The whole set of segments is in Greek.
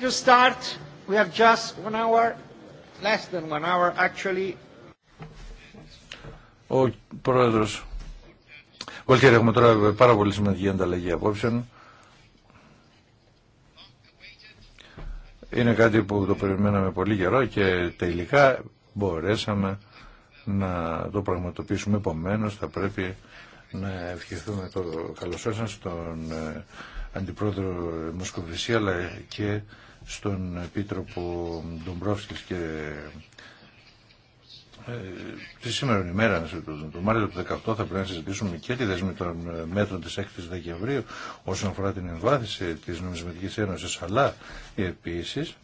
to start. We have just one hour, less than one hour actually. Ο Πρόεδρος. Βολτιέρη, έχουμε τώρα πάρα πολύ σημαντική ανταλλαγή απόψεων. Είναι κάτι που το περιμέναμε πολύ καιρό και τελικά μπορέσαμε να το πραγματοποιήσουμε. Επομένως θα πρέπει να ευχηθούμε το καλωσόρισμα στον ε, αντιπρόεδρο Μοσκοβησία αλλά και στον επίτροπο Ντομπρόφσκης και ε, τη σήμερα ημέρα, το, Μάρτιο του 18 θα πρέπει να συζητήσουμε και τη δεσμή των μέτρων τη 6η Δεκεμβρίου όσον αφορά την εμβάθυνση τη Νομισματική Ένωση. Αλλά επίση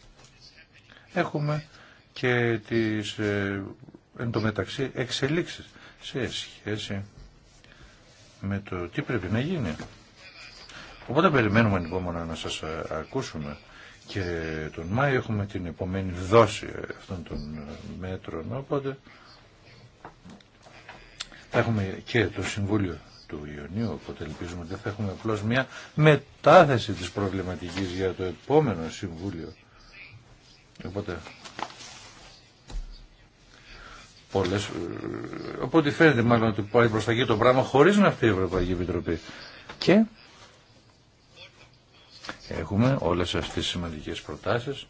έχουμε και τι ε, εν εξελίξει σε σχέση με το τι πρέπει να γίνει Οπότε περιμένουμε ανυπόμονα λοιπόν να σας ε, ακούσουμε και τον Μάιο έχουμε την επόμενη δόση αυτών των ε, μέτρων. Οπότε θα έχουμε και το Συμβούλιο του Ιωνίου, οπότε ελπίζουμε ότι θα έχουμε απλώ μια μετάθεση της προβληματικής για το επόμενο Συμβούλιο. Οπότε, πολλές, οπότε ε, φαίνεται μάλλον ότι πάει προς τα εκεί το πράγμα χωρίς να αυτή η Ευρωπαϊκή Επιτροπή. Και Έχουμε όλες αυτές τις σημαντικές προτάσεις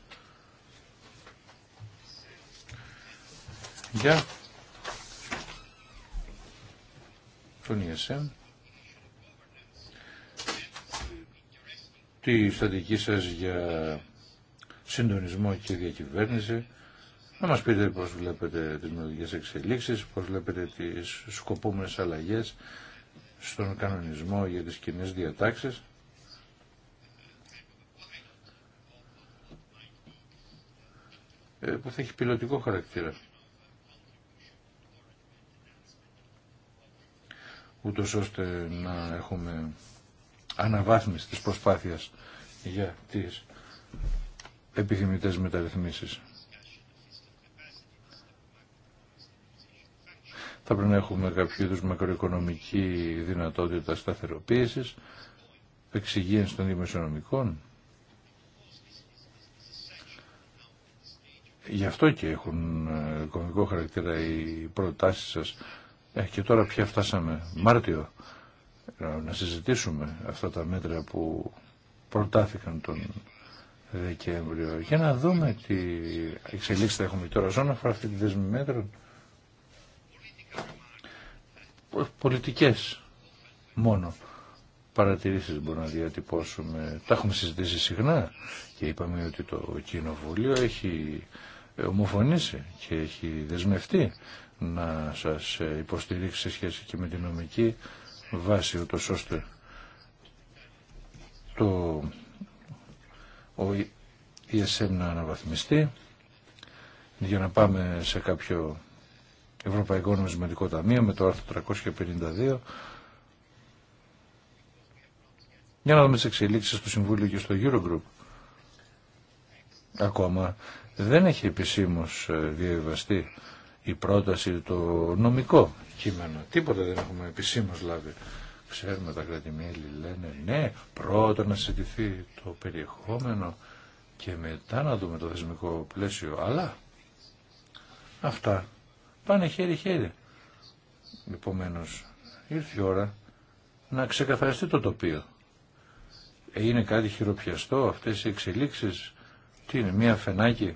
για τον ESM τη στατική σας για συντονισμό και διακυβέρνηση να μας πείτε πώς βλέπετε τις μελλοντικές εξελίξεις, πώς βλέπετε τις σκοπούμενες αλλαγές στον κανονισμό για τις κοινέ διατάξεις Ε, που θα έχει πιλωτικό χαρακτήρα. ούτως ώστε να έχουμε αναβάθμιση της προσπάθειας για τις επιθυμητές μεταρρυθμίσεις. Θα πρέπει να έχουμε κάποιο είδους μακροοικονομική δυνατότητα σταθεροποίησης, εξυγίανση των δημοσιονομικών, Γι' αυτό και έχουν ε, κομικό χαρακτήρα οι προτάσεις σας. Ε, και τώρα πια φτάσαμε Μάρτιο ε, να συζητήσουμε αυτά τα μέτρα που προτάθηκαν τον Δεκέμβριο. Για να δούμε τι εξελίξει θα έχουμε τώρα Ζώνα αφορά αυτή τη δέσμη μέτρων. Πολιτικές μόνο παρατηρήσεις μπορούμε να διατυπώσουμε. Τα έχουμε συζητήσει συχνά και είπαμε ότι το Κοινοβούλιο έχει ομοφωνήσει και έχει δεσμευτεί να σας υποστηρίξει σε σχέση και με την νομική βάση ούτως ώστε το ο ESM να αναβαθμιστεί για να πάμε σε κάποιο Ευρωπαϊκό Νομισματικό Ταμείο με το άρθρο 352 για να δούμε τι εξελίξεις στο Συμβούλιο και στο Eurogroup. Ακόμα δεν έχει επισήμως ε, διαβιβαστεί η πρόταση, το νομικό κείμενο. Τίποτα δεν έχουμε επισήμως λάβει. Ξέρουμε τα κρατημέλη λένε ναι, πρώτα να συζητηθεί το περιεχόμενο και μετά να δούμε το θεσμικό πλαίσιο. Αλλά αυτά πάνε χέρι-χέρι. Επομένως, ήρθε η ώρα να ξεκαθαριστεί το τοπίο. Ε, είναι κάτι χειροπιαστό αυτές οι εξελίξεις τι είναι, μία φενάκι.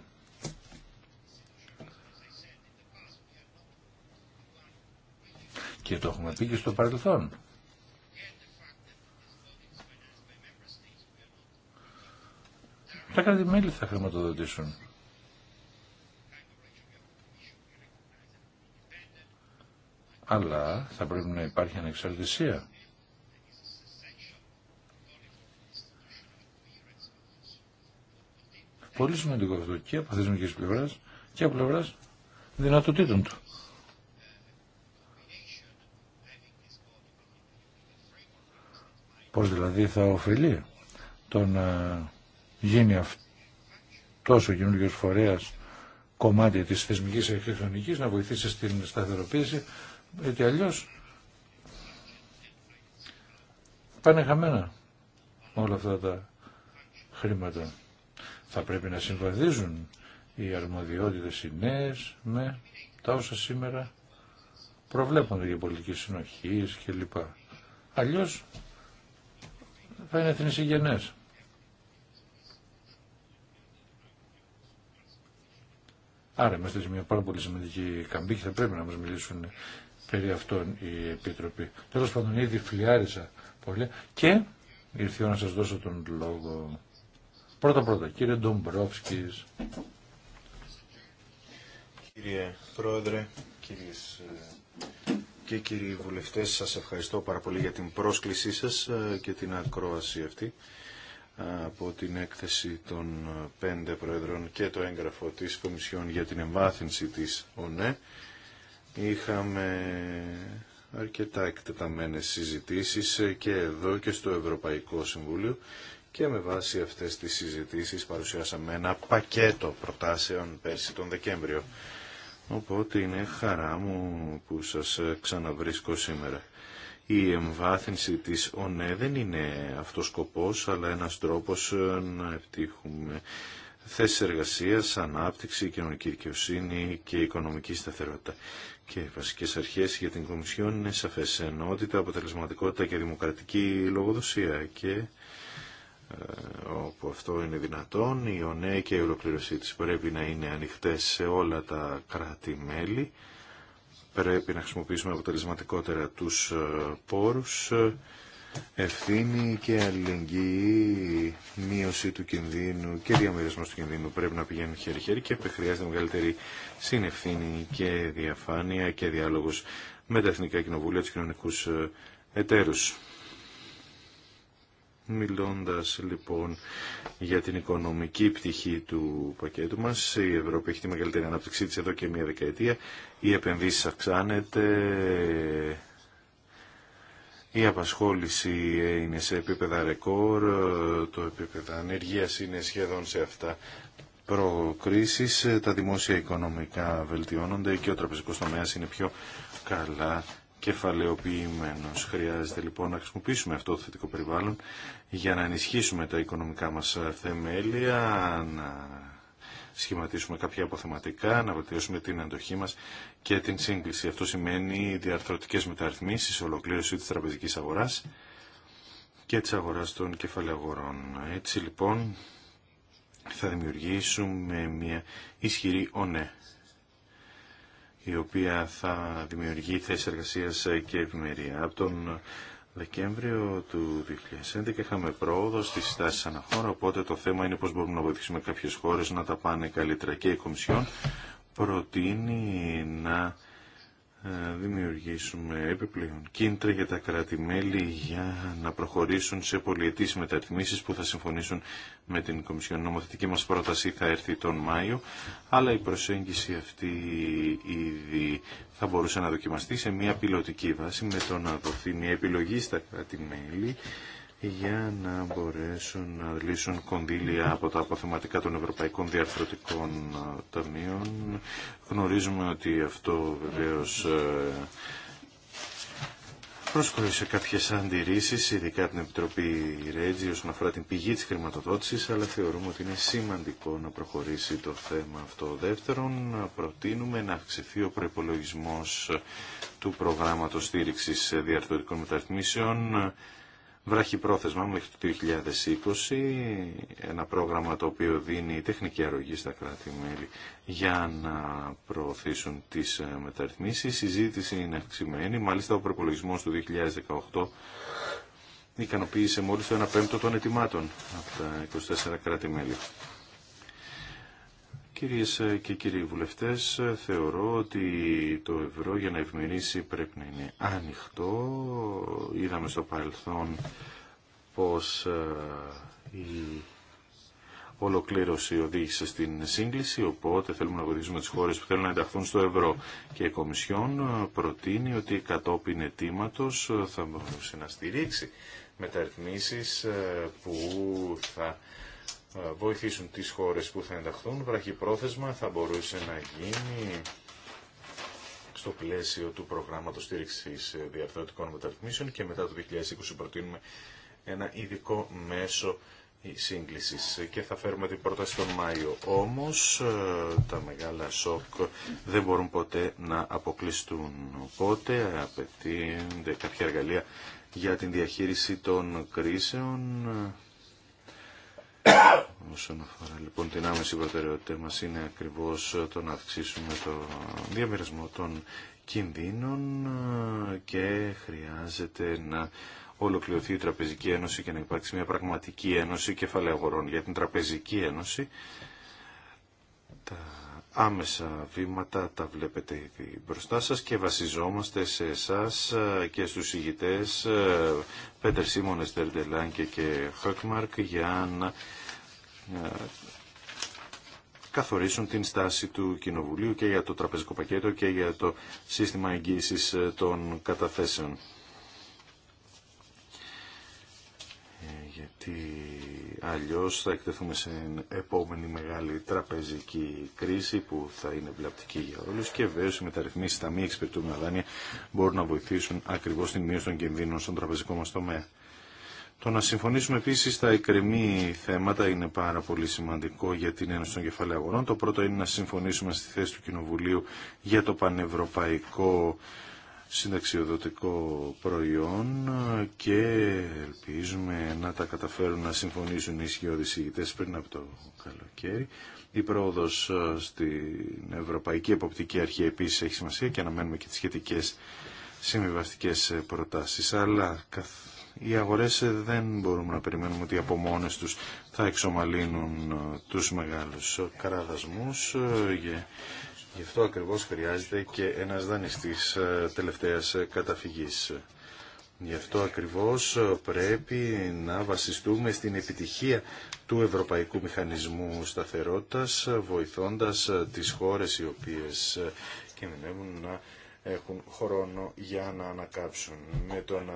Και το έχουμε πει και στο παρελθόν. Τα κράτη-μέλη θα χρηματοδοτήσουν. Αλλά θα πρέπει να υπάρχει ανεξαρτησία Πολύ σημαντικό αυτό και από θεσμική πλευρά και από πλευρά δυνατοτήτων του. Πώς δηλαδή θα ωφελεί το να γίνει αυτός ο καινούργιο φορέας κομμάτι της θεσμικής αρχιτεκτονικής να βοηθήσει στην σταθεροποίηση γιατί αλλιώς πάνε χαμένα όλα αυτά τα χρήματα. Θα πρέπει να συμβαδίζουν οι αρμοδιότητες οι νέες με τα όσα σήμερα προβλέπονται για πολιτική συνοχή κλπ. Αλλιώς θα είναι θνησιγενές. Άρα είμαστε σε μια πάρα πολύ σημαντική καμπή και θα πρέπει να μας μιλήσουν περί αυτών οι επίτροποι. Τέλος πάντων ήδη φλιάρισα πολύ και ήρθε να σας δώσω τον λόγο. Πρώτα πρώτα, κύριε Ντομπρόφσκης. Κύριε Πρόεδρε, κυρίες ε, και κύριοι βουλευτές, σας ευχαριστώ πάρα πολύ για την πρόσκλησή σας ε, και την ακρόαση αυτή ε, από την έκθεση των πέντε Προεδρών και το έγγραφο της Κομισιόν για την εμβάθυνση της ΟΝΕ. Είχαμε αρκετά εκτεταμένες συζητήσεις και εδώ και στο Ευρωπαϊκό Συμβούλιο και με βάση αυτές τις συζητήσεις παρουσιάσαμε ένα πακέτο προτάσεων πέρσι τον Δεκέμβριο. Οπότε είναι χαρά μου που σας ξαναβρίσκω σήμερα. Η εμβάθυνση της ΟΝΕ δεν είναι αυτός σκοπός, αλλά ένας τρόπος να επιτύχουμε θέσεις εργασίας, ανάπτυξη, κοινωνική δικαιοσύνη και οικονομική σταθερότητα. Και οι βασικές αρχές για την Κομισιόν είναι σαφές ενότητα, αποτελεσματικότητα και δημοκρατική λογοδοσία. Και ε, όπου αυτό είναι δυνατόν. Η ΟΝΕ και η ολοκληρωσή της πρέπει να είναι ανοιχτές σε όλα τα κράτη-μέλη. Πρέπει να χρησιμοποιήσουμε αποτελεσματικότερα τους ε, πόρους, ε, ευθύνη και αλληλεγγύη, μείωση του κινδύνου και διαμερισμός του κινδύνου πρέπει να πηγαίνουν χέρι-χέρι και χρειάζεται μεγαλύτερη συνευθύνη και διαφάνεια και διάλογος με τα Εθνικά Κοινοβούλια, τους κοινωνικούς εταίρους. Μιλώντας λοιπόν για την οικονομική πτυχή του πακέτου μας, η Ευρώπη έχει τη μεγαλύτερη ανάπτυξή της εδώ και μία δεκαετία, οι επενδύσεις αυξάνεται, η απασχόληση είναι σε επίπεδα ρεκόρ, το επίπεδο ανεργίας είναι σχεδόν σε αυτά προκρίσεις, τα δημόσια οικονομικά βελτιώνονται και ο τραπεζικός τομέας είναι πιο καλά κεφαλαιοποιημένος. Χρειάζεται λοιπόν να χρησιμοποιήσουμε αυτό το θετικό περιβάλλον για να ενισχύσουμε τα οικονομικά μας θεμέλια, να σχηματίσουμε κάποια αποθεματικά, να βελτιώσουμε την αντοχή μας και την σύγκληση. Αυτό σημαίνει διαρθρωτικές μεταρρυθμίσεις, ολοκλήρωση της τραπεζικής αγοράς και τη αγοράς των κεφαλαιαγορών. Έτσι λοιπόν θα δημιουργήσουμε μια ισχυρή ονέ η οποία θα δημιουργεί θέσεις εργασίας και ευημερία. Από τον Δεκέμβριο του 2011 είχαμε πρόοδο στις συστάσεις αναχώρα, οπότε το θέμα είναι πώς μπορούμε να βοηθήσουμε κάποιες χώρες να τα πάνε καλύτερα. Και η Κομισιόν προτείνει να δημιουργήσουμε επιπλέον κίνητρα για τα κράτη-μέλη για να προχωρήσουν σε πολιετήσεις μεταρρυθμίσεις που θα συμφωνήσουν με την Κομισιόν. νομοθετική μας πρόταση θα έρθει τον Μάιο, αλλά η προσέγγιση αυτή ήδη θα μπορούσε να δοκιμαστεί σε μια πιλωτική βάση με το να δοθεί μια επιλογή στα κράτη-μέλη για να μπορέσουν να λύσουν κονδύλια από τα αποθεματικά των Ευρωπαϊκών Διαρθρωτικών ε, Ταμείων. Γνωρίζουμε ότι αυτό βεβαίως ε, Πρόσκολη σε κάποιε αντιρρήσει, ειδικά την Επιτροπή Ρέτζη, όσον αφορά την πηγή τη χρηματοδότηση, αλλά θεωρούμε ότι είναι σημαντικό να προχωρήσει το θέμα αυτό. Δεύτερον, προτείνουμε να αυξηθεί ο προπολογισμό του προγράμματο στήριξη διαρθρωτικών μεταρρυθμίσεων πρόθεσμα μέχρι το 2020, ένα πρόγραμμα το οποίο δίνει τεχνική αρρωγή στα κράτη-μέλη για να προωθήσουν τις ε, μεταρρυθμίσεις. Η συζήτηση είναι αυξημένη, μάλιστα ο προπολογισμό του 2018 ικανοποίησε μόλις το 1 πέμπτο των ετοιμάτων από τα 24 κράτη-μέλη. Κυρίες και κύριοι βουλευτές, θεωρώ ότι το ευρώ για να ευμηνήσει πρέπει να είναι ανοιχτό. Είδαμε στο παρελθόν πως ε, η ολοκλήρωση οδήγησε στην σύγκληση, οπότε θέλουμε να βοηθήσουμε τις χώρες που θέλουν να ενταχθούν στο ευρώ. Και η Κομισιόν ε, προτείνει ότι κατόπιν ετήματος ε, θα μπορούσε να στηρίξει μεταρρυθμίσεις που θα βοηθήσουν τις χώρες που θα ενταχθούν. Βραχυπρόθεσμα θα μπορούσε να γίνει στο πλαίσιο του προγράμματος στήριξης διαρθρωτικών μεταρρυθμίσεων και μετά το 2020 προτείνουμε ένα ειδικό μέσο σύγκλησης και θα φέρουμε την πρόταση τον Μάιο. Όμως τα μεγάλα σοκ δεν μπορούν ποτέ να αποκλειστούν. Οπότε απαιτείται κάποια εργαλεία για την διαχείριση των κρίσεων Όσον αφορά λοιπόν την άμεση προτεραιότητα μα είναι ακριβώς το να αυξήσουμε το διαμερισμό των κινδύνων και χρειάζεται να ολοκληρωθεί η Τραπεζική Ένωση και να υπάρξει μια πραγματική ένωση κεφαλαίου αγορών για την Τραπεζική Ένωση. Τα άμεσα βήματα τα βλέπετε ήδη μπροστά σας και βασιζόμαστε σε εσάς και στους ηγητές ε, Πέτερ Σίμονες, Τερντελάνκε και Χακμαρκ για να ε, καθορίσουν την στάση του Κοινοβουλίου και για το τραπεζικό πακέτο και για το σύστημα εγγύησης ε, των καταθέσεων. γιατί αλλιώς θα εκτεθούμε σε επόμενη μεγάλη τραπεζική κρίση που θα είναι βλαπτική για όλους και βέβαια οι μεταρρυθμίσεις στα μη εξυπηρετούμενα δάνεια μπορούν να βοηθήσουν ακριβώς την μείωση των κινδύνων στον τραπεζικό μας τομέα. Το να συμφωνήσουμε επίση στα εκκρεμή θέματα είναι πάρα πολύ σημαντικό για την Ένωση των Κεφαλαίων Αγορών. Το πρώτο είναι να συμφωνήσουμε στη θέση του Κοινοβουλίου για το πανευρωπαϊκό συνταξιοδοτικό προϊόν και ελπίζουμε να τα καταφέρουν να συμφωνήσουν οι ισχυώδεις ηγητές πριν από το καλοκαίρι. Η πρόοδος ε, στην Ευρωπαϊκή Εποπτική Αρχή επίσης έχει σημασία και αναμένουμε και τις σχετικές συμβιβαστικέ προτάσεις. Αλλά οι αγορές ε, δεν μπορούμε να περιμένουμε ότι από μόνες τους θα εξομαλύνουν ε, τους μεγάλους καράδασμού. Γι' αυτό ακριβώς χρειάζεται και ένας δανειστής ε, τελευταίας ε, καταφυγής. Γι' αυτό ακριβώς ε, πρέπει να βασιστούμε στην επιτυχία του Ευρωπαϊκού Μηχανισμού Σταθερότητας, βοηθώντας τις χώρες οι οποίες κινδυνεύουν να έχουν χρόνο για να ανακάψουν. Με το να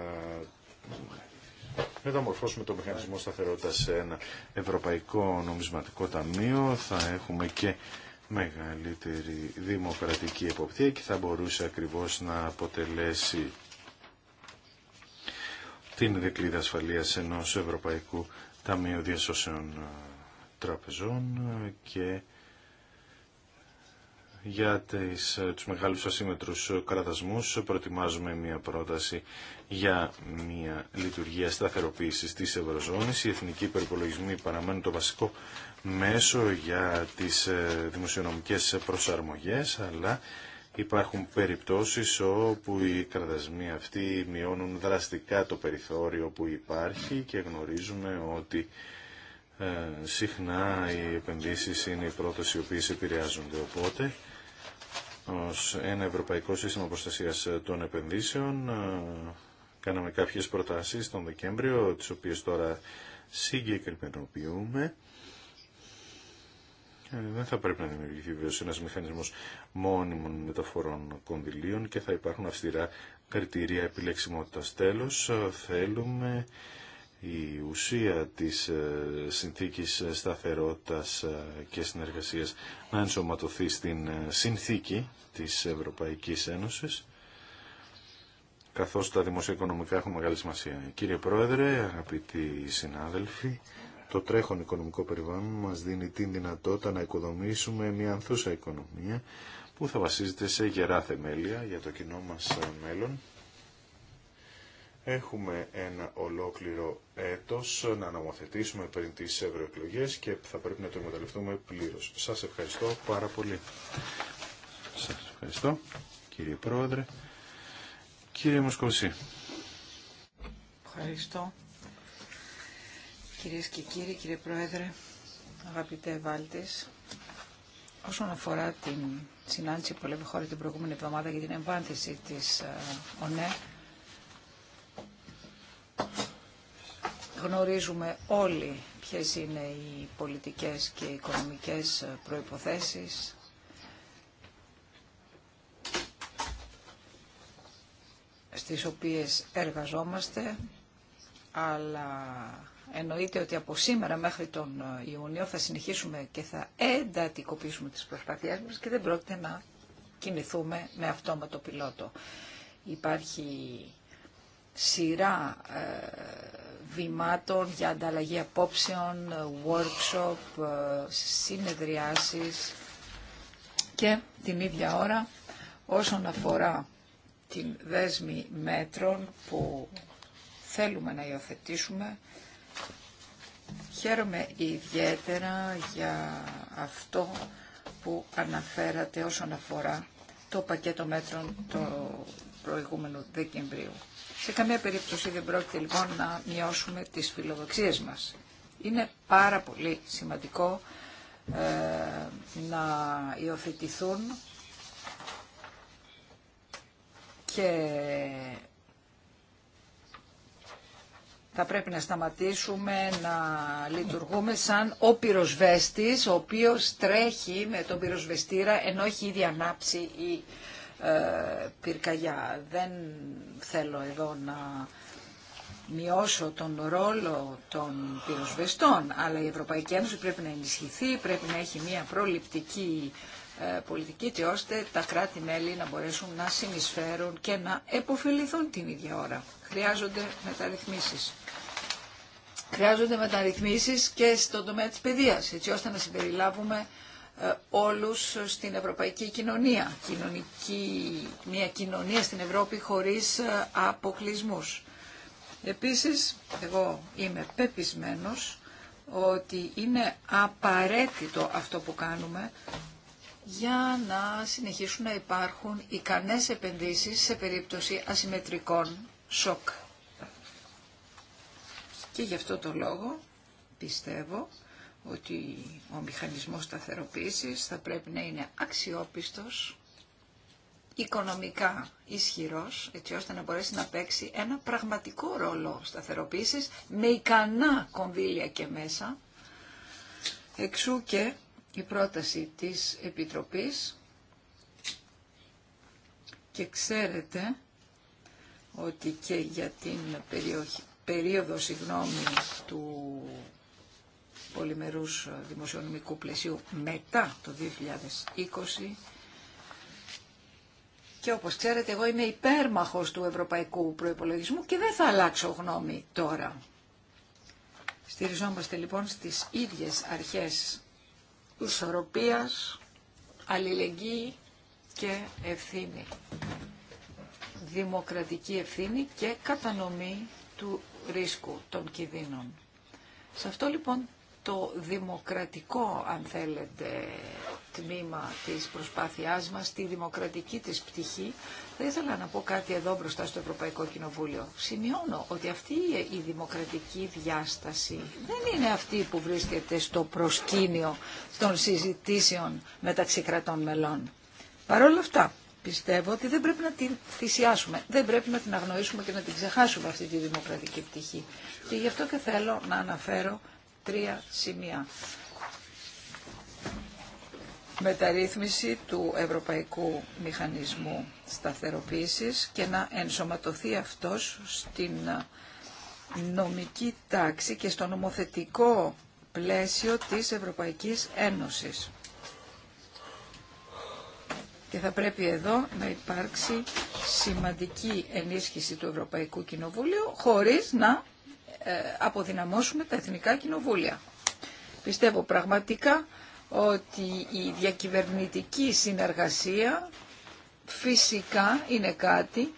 μεταμορφώσουμε το Μηχανισμό Σταθερότητας σε ένα Ευρωπαϊκό Νομισματικό Ταμείο θα έχουμε και μεγαλύτερη δημοκρατική εποπτεία και θα μπορούσε ακριβώς να αποτελέσει την δεκλίδα ασφαλείας ενός Ευρωπαϊκού Ταμείου Διασώσεων ε, Τραπεζών και για τις, ε, τους μεγάλους ασύμετρους κραδασμούς προετοιμάζουμε μια πρόταση για μια λειτουργία σταθεροποίησης της Ευρωζώνης. Οι εθνικοί υπερπολογισμοί παραμένουν το βασικό μέσο για τις ε, δημοσιονομικές προσαρμογές, αλλά υπάρχουν περιπτώσεις όπου οι κρατασμοί αυτοί μειώνουν δραστικά το περιθώριο που υπάρχει και γνωρίζουμε ότι ε, συχνά οι επενδύσεις είναι οι πρώτες οι οποίες επηρεάζονται. Οπότε, ως ένα Ευρωπαϊκό Σύστημα Προστασίας των Επενδύσεων, ε, κάναμε κάποιες προτάσεις τον Δεκέμβριο, τις οποίες τώρα συγκεκριμενοποιούμε ε, δεν θα πρέπει να δημιουργηθεί βέβαια ένα μηχανισμό μόνιμων μεταφορών κονδυλίων και θα υπάρχουν αυστηρά κριτήρια επιλεξιμότητα. Τέλο, ε, θέλουμε η ουσία της ε, συνθήκης σταθερότητα και συνεργασία να ενσωματωθεί στην συνθήκη της Ευρωπαϊκής Ένωσης καθώς τα δημοσιοοικονομικά έχουν μεγάλη σημασία. Κύριε Πρόεδρε, αγαπητοί συνάδελφοι, το τρέχον οικονομικό περιβάλλον μας δίνει την δυνατότητα να οικοδομήσουμε μια ανθούσα οικονομία που θα βασίζεται σε γερά θεμέλια για το κοινό μας μέλλον. Έχουμε ένα ολόκληρο έτος να αναμοθετήσουμε πριν τις ευρωεκλογέ και θα πρέπει να το εμμεταλλευτούμε πλήρως. Σας ευχαριστώ πάρα πολύ. Σας ευχαριστώ κύριε Πρόεδρε. Κύριε Μοσκοσή. Ευχαριστώ κυρίες και κύριοι, κύριε Πρόεδρε, αγαπητέ Βάλτης. Όσον αφορά την συνάντηση που λέμε χώρα την προηγούμενη εβδομάδα για την εμβάνθηση της ε, ΟΝΕ, γνωρίζουμε όλοι ποιες είναι οι πολιτικές και οι οικονομικές ε, προϋποθέσεις στις οποίες εργαζόμαστε, αλλά εννοείται ότι από σήμερα μέχρι τον ε, Ιούνιο θα συνεχίσουμε και θα εντατικοποιήσουμε τις προσπάθειές μας και δεν πρόκειται να κινηθούμε με αυτόματο πιλότο. Υπάρχει σειρά ε, βημάτων για ανταλλαγή απόψεων, ε, workshop, συνεδριάσεις και την ίδια ώρα όσον αφορά την δέσμη μέτρων που θέλουμε να υιοθετήσουμε Χαίρομαι ιδιαίτερα για αυτό που αναφέρατε όσον αφορά το πακέτο μέτρων το προηγούμενο Δεκεμβρίου. Σε καμία περίπτωση δεν πρόκειται λοιπόν να μειώσουμε τις φιλοδοξίες μας. Είναι πάρα πολύ σημαντικό ε, να υιοθετηθούν και θα πρέπει να σταματήσουμε να λειτουργούμε σαν ο πυροσβέστης, ο οποίος τρέχει με τον πυροσβεστήρα ενώ έχει ήδη ανάψει η ε, πυρκαγιά. Δεν θέλω εδώ να μειώσω τον ρόλο των πυροσβεστών, αλλά η Ευρωπαϊκή Ένωση πρέπει να ενισχυθεί, πρέπει να έχει μια προληπτική ε, πολιτική, και ώστε τα κράτη-μέλη να μπορέσουν να συνεισφέρουν και να επωφεληθούν την ίδια ώρα. Χρειάζονται μεταρρυθμίσεις. Χρειάζονται μεταρρυθμίσεις και στον τομέα της παιδείας, έτσι ώστε να συμπεριλάβουμε ε, όλους στην ευρωπαϊκή κοινωνία. Κοινωνική, μια κοινωνία στην Ευρώπη χωρίς ε, αποκλεισμούς. Επίσης, εγώ είμαι πεπισμένος ότι είναι απαραίτητο αυτό που κάνουμε για να συνεχίσουν να υπάρχουν ικανές επενδύσεις σε περίπτωση ασημετρικών σοκ. Και γι' αυτό το λόγο πιστεύω ότι ο μηχανισμός σταθεροποίησης θα πρέπει να είναι αξιόπιστος, οικονομικά ισχυρός, έτσι ώστε να μπορέσει να παίξει ένα πραγματικό ρόλο σταθεροποίησης με ικανά κονδύλια και μέσα. Εξού και η πρόταση της Επιτροπής και ξέρετε ότι και για την περιοχή περίοδο συγγνώμη, του πολυμερούς δημοσιονομικού πλαισίου μετά το 2020 και όπως ξέρετε εγώ είμαι υπέρμαχος του ευρωπαϊκού προϋπολογισμού και δεν θα αλλάξω γνώμη τώρα. Στηριζόμαστε λοιπόν στις ίδιες αρχές ισορροπίας, αλληλεγγύη και ευθύνη. Δημοκρατική ευθύνη και κατανομή του ρίσκου των κινδύνων. Σε αυτό λοιπόν το δημοκρατικό, αν θέλετε, τμήμα της προσπάθειάς μας, τη δημοκρατική της πτυχή, θα ήθελα να πω κάτι εδώ μπροστά στο Ευρωπαϊκό Κοινοβούλιο. Σημειώνω ότι αυτή η δημοκρατική διάσταση δεν είναι αυτή που βρίσκεται στο προσκήνιο των συζητήσεων μεταξύ κρατών μελών. Παρ' όλα αυτά, πιστεύω ότι δεν πρέπει να την θυσιάσουμε. Δεν πρέπει να την αγνοήσουμε και να την ξεχάσουμε αυτή τη δημοκρατική πτυχή. Και γι' αυτό και θέλω να αναφέρω τρία σημεία. Μεταρρύθμιση του Ευρωπαϊκού Μηχανισμού Σταθεροποίησης και να ενσωματωθεί αυτός στην νομική τάξη και στο νομοθετικό πλαίσιο της Ευρωπαϊκής Ένωσης και θα πρέπει εδώ να υπάρξει σημαντική ενίσχυση του Ευρωπαϊκού Κοινοβουλίου χωρίς να ε, αποδυναμώσουμε τα εθνικά κοινοβούλια. Πιστεύω πραγματικά ότι η διακυβερνητική συνεργασία φυσικά είναι κάτι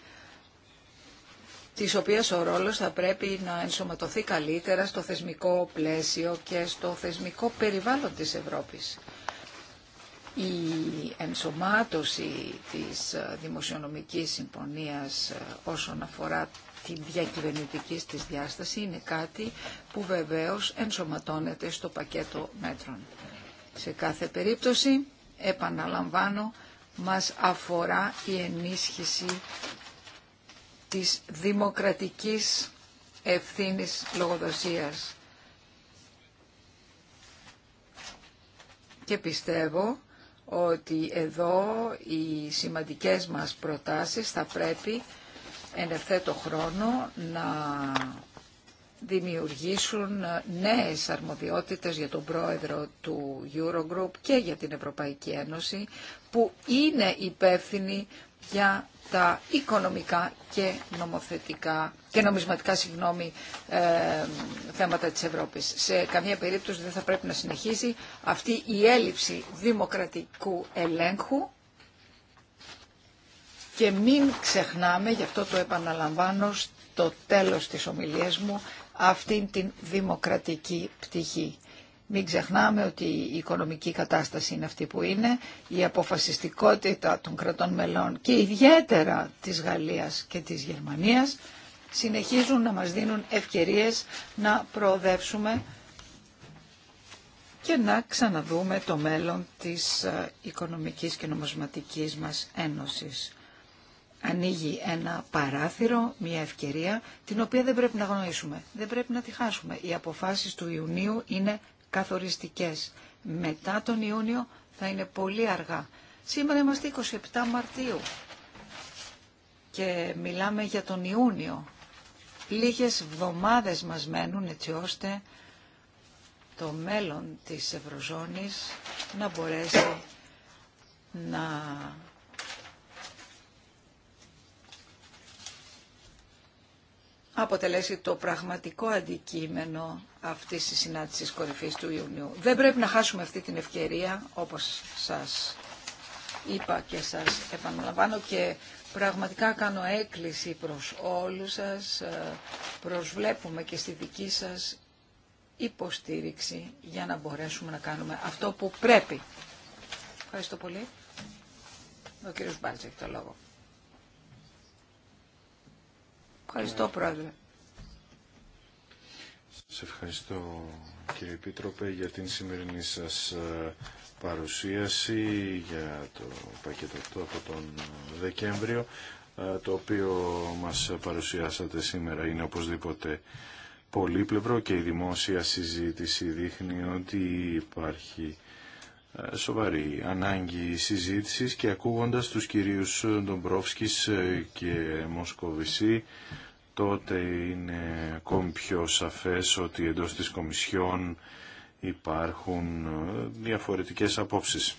της οποίας ο ρόλος θα πρέπει να ενσωματωθεί καλύτερα στο θεσμικό πλαίσιο και στο θεσμικό περιβάλλον της Ευρώπης η ενσωμάτωση της ε, Δημοσιονομικής Συμφωνίας ε, όσον αφορά την διακυβερνητική της διάσταση είναι κάτι που βεβαίως ενσωματώνεται στο πακέτο μέτρων. Σε κάθε περίπτωση, επαναλαμβάνω, μας αφορά η ενίσχυση της δημοκρατικής ευθύνης λογοδοσίας. Και πιστεύω ότι εδώ οι σημαντικές μας προτάσεις θα πρέπει εν ευθέτω χρόνο να δημιουργήσουν νέες αρμοδιότητες για τον πρόεδρο του Eurogroup και για την Ευρωπαϊκή Ένωση που είναι υπεύθυνη για τα οικονομικά και νομοθετικά και νομισματικά συγγνώμη, ε, θέματα της Ευρώπης. Σε καμία περίπτωση δεν θα πρέπει να συνεχίζει αυτή η έλλειψη δημοκρατικού ελέγχου και μην ξεχνάμε, γι' αυτό το επαναλαμβάνω στο τέλος της ομιλίας μου, αυτήν την δημοκρατική πτυχή. Μην ξεχνάμε ότι η οικονομική κατάσταση είναι αυτή που είναι, η αποφασιστικότητα των κρατών μελών και ιδιαίτερα της Γαλλίας και της Γερμανίας συνεχίζουν να μας δίνουν ευκαιρίες να προοδεύσουμε και να ξαναδούμε το μέλλον της ε, Οικονομικής και νομοσματικής μας Ένωσης. Ανοίγει ένα παράθυρο, μια ευκαιρία, την οποία δεν πρέπει να γνωρίσουμε, δεν πρέπει να τη χάσουμε. Οι αποφάσεις του Ιουνίου είναι καθοριστικές. Μετά τον Ιούνιο θα είναι πολύ αργά. Σήμερα είμαστε 27 Μαρτίου και μιλάμε για τον Ιούνιο. Λίγες βδομάδες μας μένουν έτσι ώστε το μέλλον της Ευρωζώνης να μπορέσει να αποτελέσει το πραγματικό αντικείμενο αυτής της συνάντησης κορυφής του Ιουνιού. Δεν πρέπει να χάσουμε αυτή την ευκαιρία, όπως σας είπα και σας επαναλαμβάνω και πραγματικά κάνω έκκληση προς όλους σας, ε, προσβλέπουμε και στη δική σας υποστήριξη για να μπορέσουμε να κάνουμε αυτό που πρέπει. Ευχαριστώ πολύ. Ο κύριος Μπάλτζεκ το λόγο. Ευχαριστώ, Πρόεδρε. Σας ευχαριστώ, κύριε Επίτροπε, για την σημερινή σας ε, παρουσίαση για το πακέτο αυτό από τον Δεκέμβριο ε, το οποίο μας παρουσιάσατε σήμερα είναι οπωσδήποτε πολύπλευρο και η δημόσια συζήτηση δείχνει ότι υπάρχει σοβαρή ανάγκη συζήτησης και ακούγοντας τους κυρίους Ντομπρόφσκης και μοσκόβηση, τότε είναι ακόμη πιο σαφές ότι εντός της Κομισιόν υπάρχουν ε, διαφορετικές απόψεις.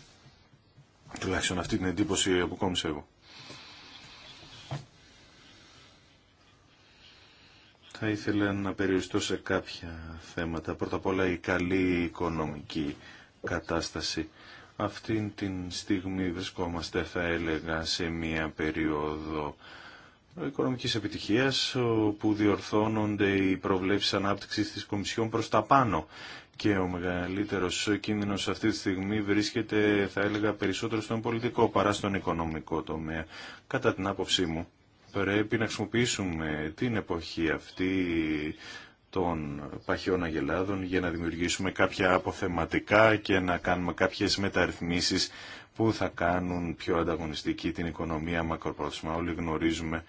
Τουλάχιστον αυτή την εντύπωση αποκόμισα εγώ. Θα ήθελα να περιοριστώ σε κάποια θέματα. Πρώτα απ' όλα η καλή οικονομική κατάσταση. Αυτήν την στιγμή βρισκόμαστε, θα έλεγα, σε μία περίοδο οικονομικής επιτυχίας που διορθώνονται οι προβλέψεις ανάπτυξης της Κομισιόν προς τα πάνω και ο μεγαλύτερος κίνδυνος αυτή τη στιγμή βρίσκεται θα έλεγα περισσότερο στον πολιτικό παρά στον οικονομικό τομέα. Κατά την άποψή μου πρέπει να χρησιμοποιήσουμε την εποχή αυτή των παχιών αγελάδων για να δημιουργήσουμε κάποια αποθεματικά και να κάνουμε κάποιες μεταρρυθμίσεις που θα κάνουν πιο ανταγωνιστική την οικονομία μακροπρόθεσμα. Όλοι γνωρίζουμε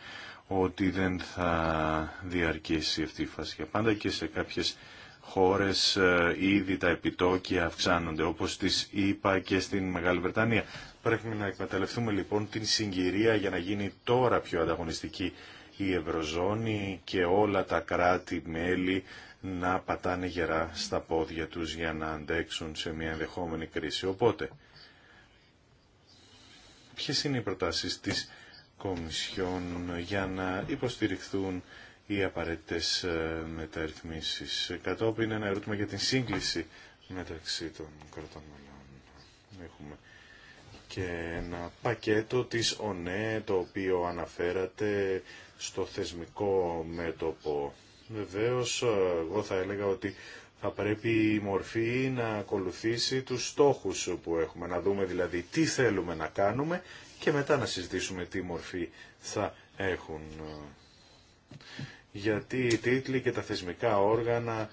ότι δεν θα διαρκήσει αυτή η φάση για πάντα και σε κάποιες χώρες ε, ήδη τα επιτόκια αυξάνονται όπως τις είπα και στην Μεγάλη Βρετανία. Πρέπει να εκμεταλλευτούμε λοιπόν την συγκυρία για να γίνει τώρα πιο ανταγωνιστική η Ευρωζώνη και όλα τα κράτη-μέλη να πατάνε γερά στα πόδια τους για να αντέξουν σε μια ενδεχόμενη κρίση. Οπότε, ποιες είναι οι προτάσεις της Κομισιόν για να υποστηριχθούν οι απαραίτητες ε, μεταρρυθμίσεις. Κατόπιν ένα ερώτημα για την σύγκληση μεταξύ των κρατών μελών. Έχουμε και ένα πακέτο της ΟΝΕ το οποίο αναφέρατε στο θεσμικό μέτωπο. Βεβαίως, εγώ θα έλεγα ότι θα πρέπει η μορφή να ακολουθήσει τους στόχους που έχουμε, να δούμε δηλαδή τι θέλουμε να κάνουμε και μετά να συζητήσουμε τι μορφή θα έχουν. Γιατί οι τίτλοι και τα θεσμικά όργανα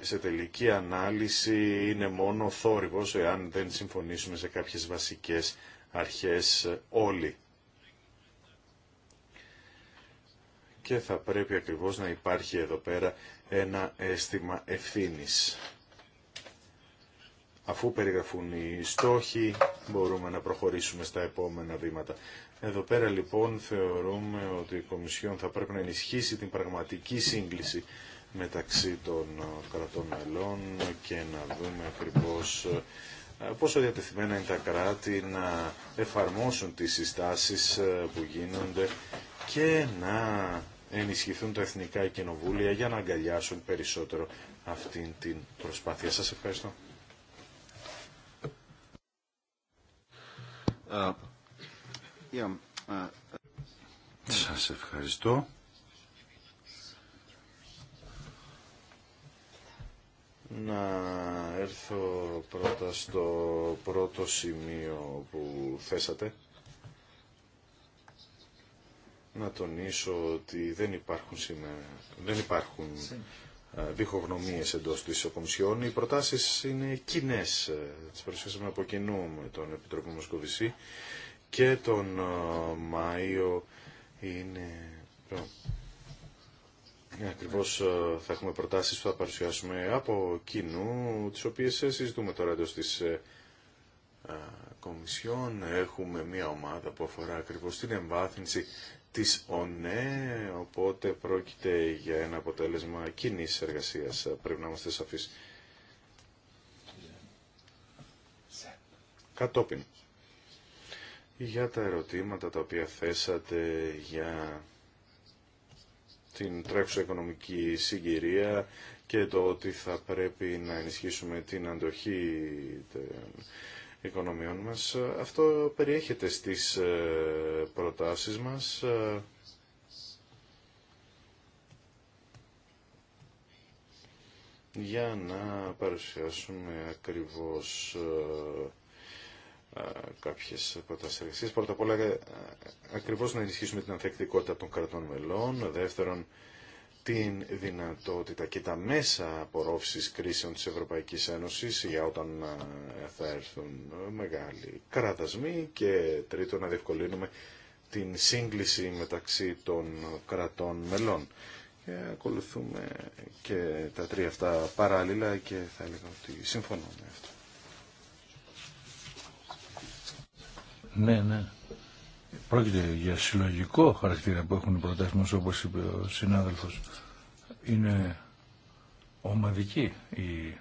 σε τελική ανάλυση είναι μόνο θόρυβος εάν δεν συμφωνήσουμε σε κάποιες βασικές αρχές όλοι. και θα πρέπει ακριβώς να υπάρχει εδώ πέρα ένα αίσθημα ευθύνης. Αφού περιγραφούν οι στόχοι, μπορούμε να προχωρήσουμε στα επόμενα βήματα. Εδώ πέρα λοιπόν θεωρούμε ότι η Κομισιόν θα πρέπει να ενισχύσει την πραγματική σύγκληση μεταξύ των ε, κρατών μελών και να δούμε ακριβώς ε, πόσο διατεθειμένα είναι τα κράτη να εφαρμόσουν τις συστάσεις ε, που γίνονται και να ενισχυθούν τα εθνικά κοινοβούλια για να αγκαλιάσουν περισσότερο αυτήν την προσπάθεια. Σας ευχαριστώ. Uh, Σας ευχαριστώ. να έρθω πρώτα στο πρώτο σημείο που θέσατε να τονίσω ότι δεν υπάρχουν σήμερα, δεν υπάρχουν διχογνωμίες εντός της Κομισιόν. Οι προτάσεις είναι κοινέ. Ε, τις παρουσιάσαμε από κοινού με τον Επιτροπή Μοσκοβισή και τον Μάιο είναι... Ναι, Ακριβώ θα έχουμε προτάσεις που θα παρουσιάσουμε από κοινού, τις οποίες ε, συζητούμε τώρα εντός της ε, Κομισιόν. Έχουμε μια ομάδα που αφορά ακριβώς την εμβάθυνση της ΟΝΕ, οπότε πρόκειται για ένα αποτέλεσμα κοινή εργασίας. Πρέπει να είμαστε σαφεί. Κατόπιν, για τα ερωτήματα τα οποία θέσατε για την τρέχουσα οικονομική συγκυρία και το ότι θα πρέπει να ενισχύσουμε την αντοχή οικονομιών μας. Αυτό περιέχεται στις ε, προτάσεις μας. Ε, για να παρουσιάσουμε ακριβώς ε, κάποιες προτάσεις Πρώτα απ' όλα, ακριβώς να ενισχύσουμε την ανθεκτικότητα των κρατών μελών. Δεύτερον, την δυνατότητα και τα μέσα απορρόφησης κρίσεων της Ευρωπαϊκής Ένωσης για όταν ε, θα έρθουν μεγάλοι κράτασμοί και τρίτον να διευκολύνουμε την σύγκληση μεταξύ των κρατών μελών. Και ακολουθούμε και τα τρία αυτά παράλληλα και θα έλεγα ότι συμφωνώ με αυτό. Ναι, ναι πρόκειται για συλλογικό χαρακτήρα που έχουν οι προτάσεις όπως είπε ο συνάδελφος. Είναι ομαδική η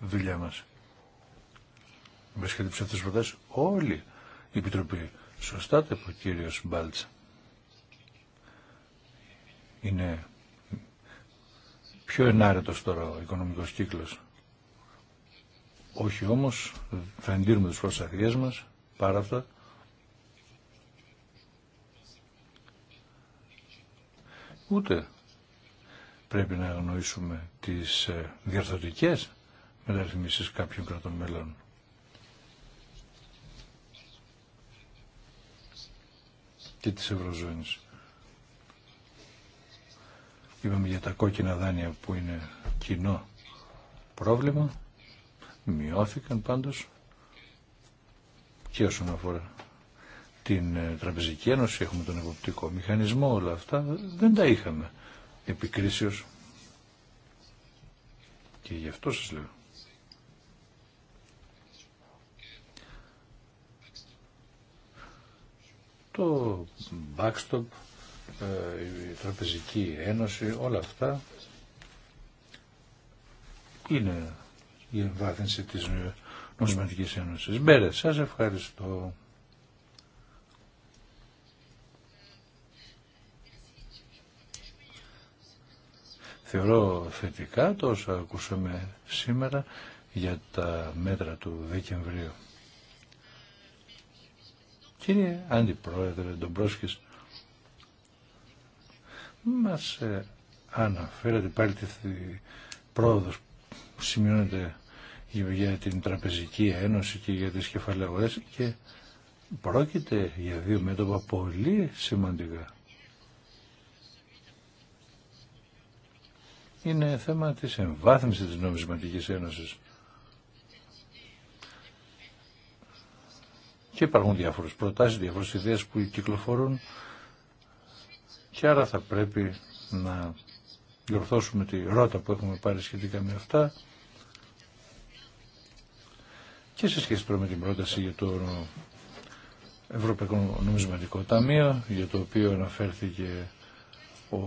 δουλειά μας. Βρίσκεται σε αυτές τις προτάσεις όλη η Επιτροπή. Σωστά το είπε ο κύριος Μπάλτσα. Είναι πιο ενάρετος τώρα ο οικονομικός κύκλος. Όχι όμως, θα εντύρουμε τις προσπαθειές μας, παρά αυτά, ούτε πρέπει να αγνοήσουμε τις ε, διαρθρωτικές μεταρρυθμίσεις κάποιων κρατών μέλων. και της Ευρωζώνης. Είπαμε για τα κόκκινα δάνεια που είναι κοινό πρόβλημα, μειώθηκαν πάντως και όσον αφορά την ε, Τραπεζική Ένωση, έχουμε τον εποπτικό μηχανισμό, όλα αυτά δεν τα είχαμε επικρίσεως. Και γι' αυτό σας λέω. Το backstop, ε, η Τραπεζική Ένωση, όλα αυτά είναι η εμβάθυνση της Νομισματικής Ένωσης. Μπέρε, σας ευχαριστώ. Θεωρώ θετικά το όσα ακούσαμε σήμερα για τα μέτρα του Δεκεμβρίου. Κύριε Αντιπρόεδρε Ντομπρόσκης, μας ε, αναφέρατε πάλι τη πρόοδος που σημειώνεται για την Τραπεζική Ένωση και για τις κεφαλαίες και πρόκειται για δύο μέτωπα πολύ σημαντικά. είναι θέμα της εμβάθμισης της νομισματικής ένωσης. Και υπάρχουν διάφορες προτάσεις, διάφορες ιδέες που κυκλοφορούν και άρα θα πρέπει να διορθώσουμε τη ρότα που έχουμε πάρει σχετικά με αυτά και σε σχέση με την πρόταση για το Ευρωπαϊκό Νομισματικό Ταμείο για το οποίο αναφέρθηκε ο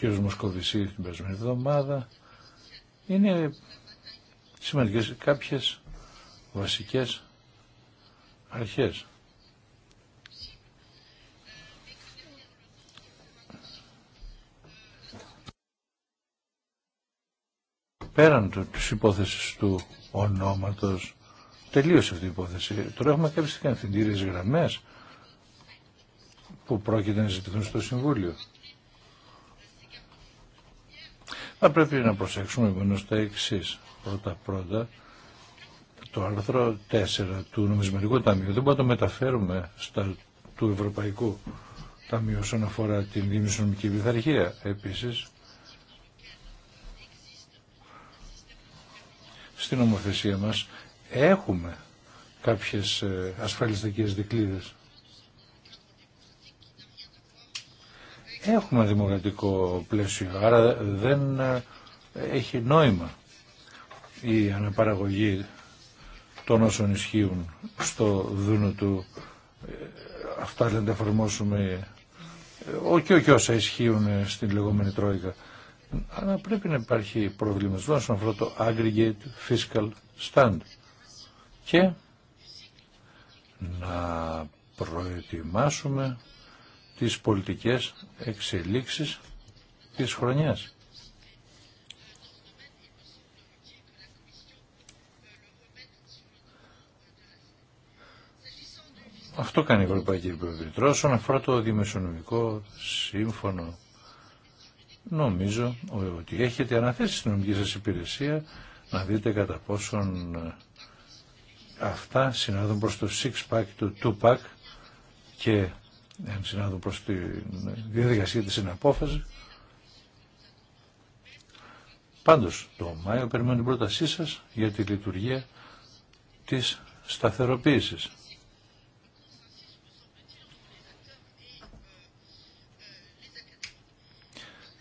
κύριος Μοσκοβισή την περασμένη εβδομάδα. Είναι σημαντικές κάποιες βασικές αρχές. Πέραν του, της υπόθεσης του ονόματος, τελείωσε αυτή η υπόθεση. Τώρα έχουμε κάποιες καθεντήριες γραμμές που πρόκειται να ζητηθούν στο Συμβούλιο. Θα πρέπει να προσέξουμε μόνο στα εξή. Πρώτα-πρώτα, το άρθρο 4 του Νομισματικού Ταμείου δεν μπορούμε να το μεταφέρουμε στα του Ευρωπαϊκού Ταμείου όσον αφορά την νομική πειθαρχία. Επίσης, στην νομοθεσία μας έχουμε κάποιες ε, ασφαλιστικές δικλείδες. Έχουμε δημοκρατικό πλαίσιο, άρα δεν ε, έχει νόημα η αναπαραγωγή των όσων ισχύουν στο δούνο του. Ε, αυτά λένε τα εφαρμόσουμε όχι ε, όχι όσα ισχύουν στην λεγόμενη Τρόικα. Αλλά πρέπει να υπάρχει προβληματισμό όσον αφορά το aggregate fiscal stand. Και να προετοιμάσουμε τις πολιτικές εξελίξεις της χρονιάς. Αυτό κάνει η Ευρωπαϊκή Επιτροπή. όσον αφορά το δημοσιονομικό σύμφωνο, νομίζω ότι έχετε αναθέσει στην νομική σας υπηρεσία να δείτε κατά πόσον ε, αυτά συνάδουν προ το six pack, το two pack και εν συνάδω προς τη διαδικασία της συναπόφαση. Πάντως, το Μάιο περιμένω την πρότασή σας για τη λειτουργία της σταθεροποίησης.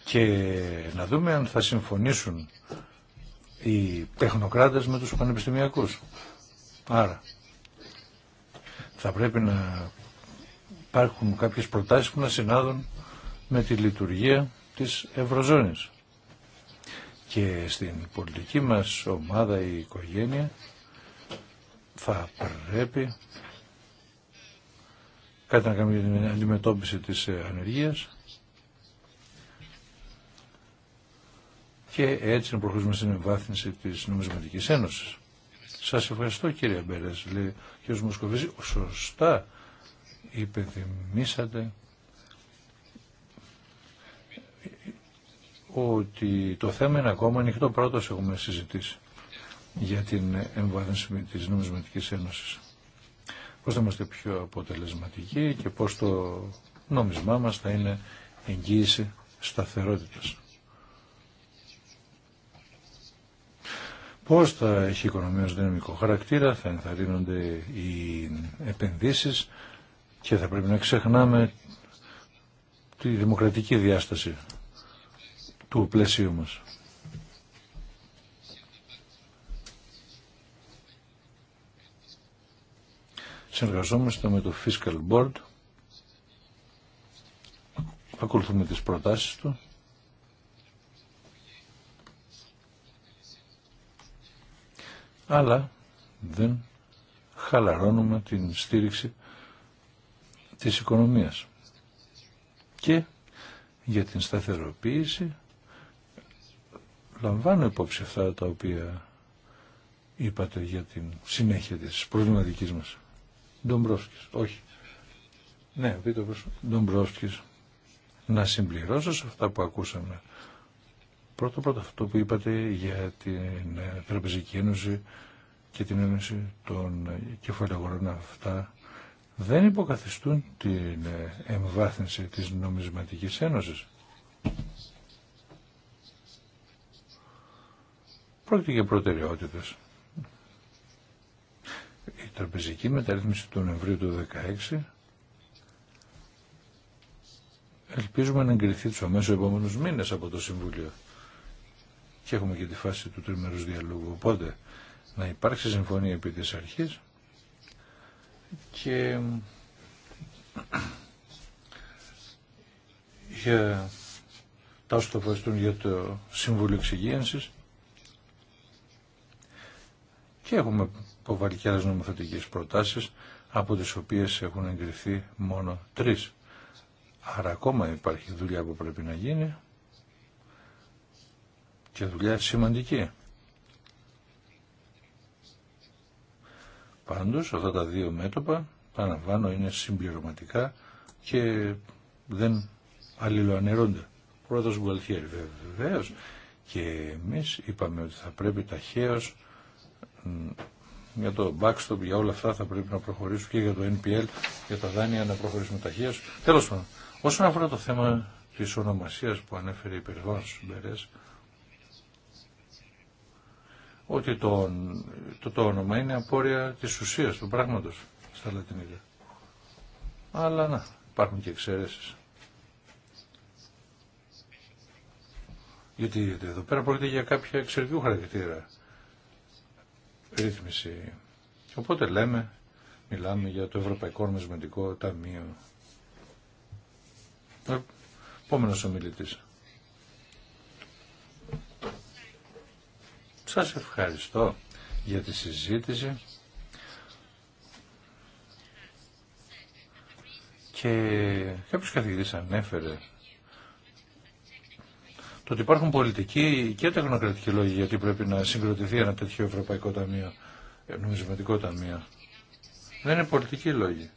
Και να δούμε αν θα συμφωνήσουν οι τεχνοκράτες με τους πανεπιστημιακούς. Άρα, θα πρέπει να υπάρχουν κάποιες προτάσεις που να συνάδουν με τη λειτουργία της Ευρωζώνης. Και στην πολιτική μας ομάδα η οικογένεια θα πρέπει κάτι να κάνουμε για την αντιμετώπιση της ανεργίας και έτσι να προχωρήσουμε στην εμβάθυνση της Νομισματικής Ένωσης. Σας ευχαριστώ κύριε Μπέρες, λέει ο κ. Μοσκοβίζη, σωστά υπενθυμίσατε ότι το θέμα είναι ακόμα ανοιχτό. Πρώτος έχουμε συζητήσει για την εμβάθυνση της Νομισματικής Ένωσης. Πώς θα είμαστε πιο αποτελεσματικοί και πώς το νόμισμά μας θα είναι εγγύηση σταθερότητας. Πώς θα έχει οικονομία δυναμικό χαρακτήρα, θα ενθαρρύνονται οι επενδύσεις, και θα πρέπει να ξεχνάμε τη δημοκρατική διάσταση του πλαισίου μας. Συνεργαζόμαστε με το Fiscal Board. Ακολουθούμε τις προτάσεις του. Αλλά δεν χαλαρώνουμε την στήριξη της οικονομίας και για την σταθεροποίηση λαμβάνω υπόψη αυτά τα οποία είπατε για την συνέχεια της προβληματικής μας. Ντομπρόσκης, όχι. Ναι, πείτε προς Ντομπρόσκης. Να συμπληρώσω σε αυτά που ακούσαμε. Πρώτο πρώτο αυτό που είπατε για την Τραπεζική Ένωση και την Ένωση των αγορών αυτά δεν υποκαθιστούν την ε, εμβάθυνση της νομισματικής ένωσης. Πρόκειται για προτεραιότητες. Η τραπεζική μεταρρύθμιση του Νοεμβρίου του 2016 ελπίζουμε να εγκριθεί του αμέσως επόμενους μήνες από το Συμβούλιο. Και έχουμε και τη φάση του τριμερούς διαλόγου. Οπότε να υπάρξει συμφωνία επί της αρχής και για τα το το για το Συμβούλιο Εξυγίανσης και έχουμε υποβάλει νομοθετικές προτάσεις από τις οποίες έχουν εγκριθεί μόνο τρεις. Άρα ακόμα υπάρχει δουλειά που πρέπει να γίνει και δουλειά σημαντική. Πάντως αυτά τα δύο μέτωπα, παραβάνω είναι συμπληρωματικά και δεν αλληλοανερώνται. Πρώτος, Γουαλθιέρη. βεβαίω και εμείς είπαμε ότι θα πρέπει ταχαίως για το backstop, για όλα αυτά θα πρέπει να προχωρήσουμε και για το NPL, για τα δάνεια να προχωρήσουμε ταχαίως. Τέλος πάντων, όσον αφορά το θέμα της ονομασίας που ανέφερε η Περβάνος Μπερές, ότι το, το, όνομα είναι απόρρια της ουσίας του πράγματος στα λατινικά. Αλλά να, υπάρχουν και εξαιρέσεις. Γιατί εδώ πέρα πρόκειται για κάποια εξαιρετικού χαρακτήρα ρύθμιση. Οπότε λέμε, μιλάμε για το Ευρωπαϊκό Νομισματικό Ταμείο. Ε, Επόμενο ομιλητή. Σας ευχαριστώ για τη συζήτηση και κάποιος καθηγητής ανέφερε το ότι υπάρχουν πολιτικοί και τεχνοκρατικοί λόγοι γιατί πρέπει να συγκροτηθεί ένα τέτοιο Ευρωπαϊκό Ταμείο, ε, νομισματικό ταμείο. Δεν είναι πολιτικοί λόγοι.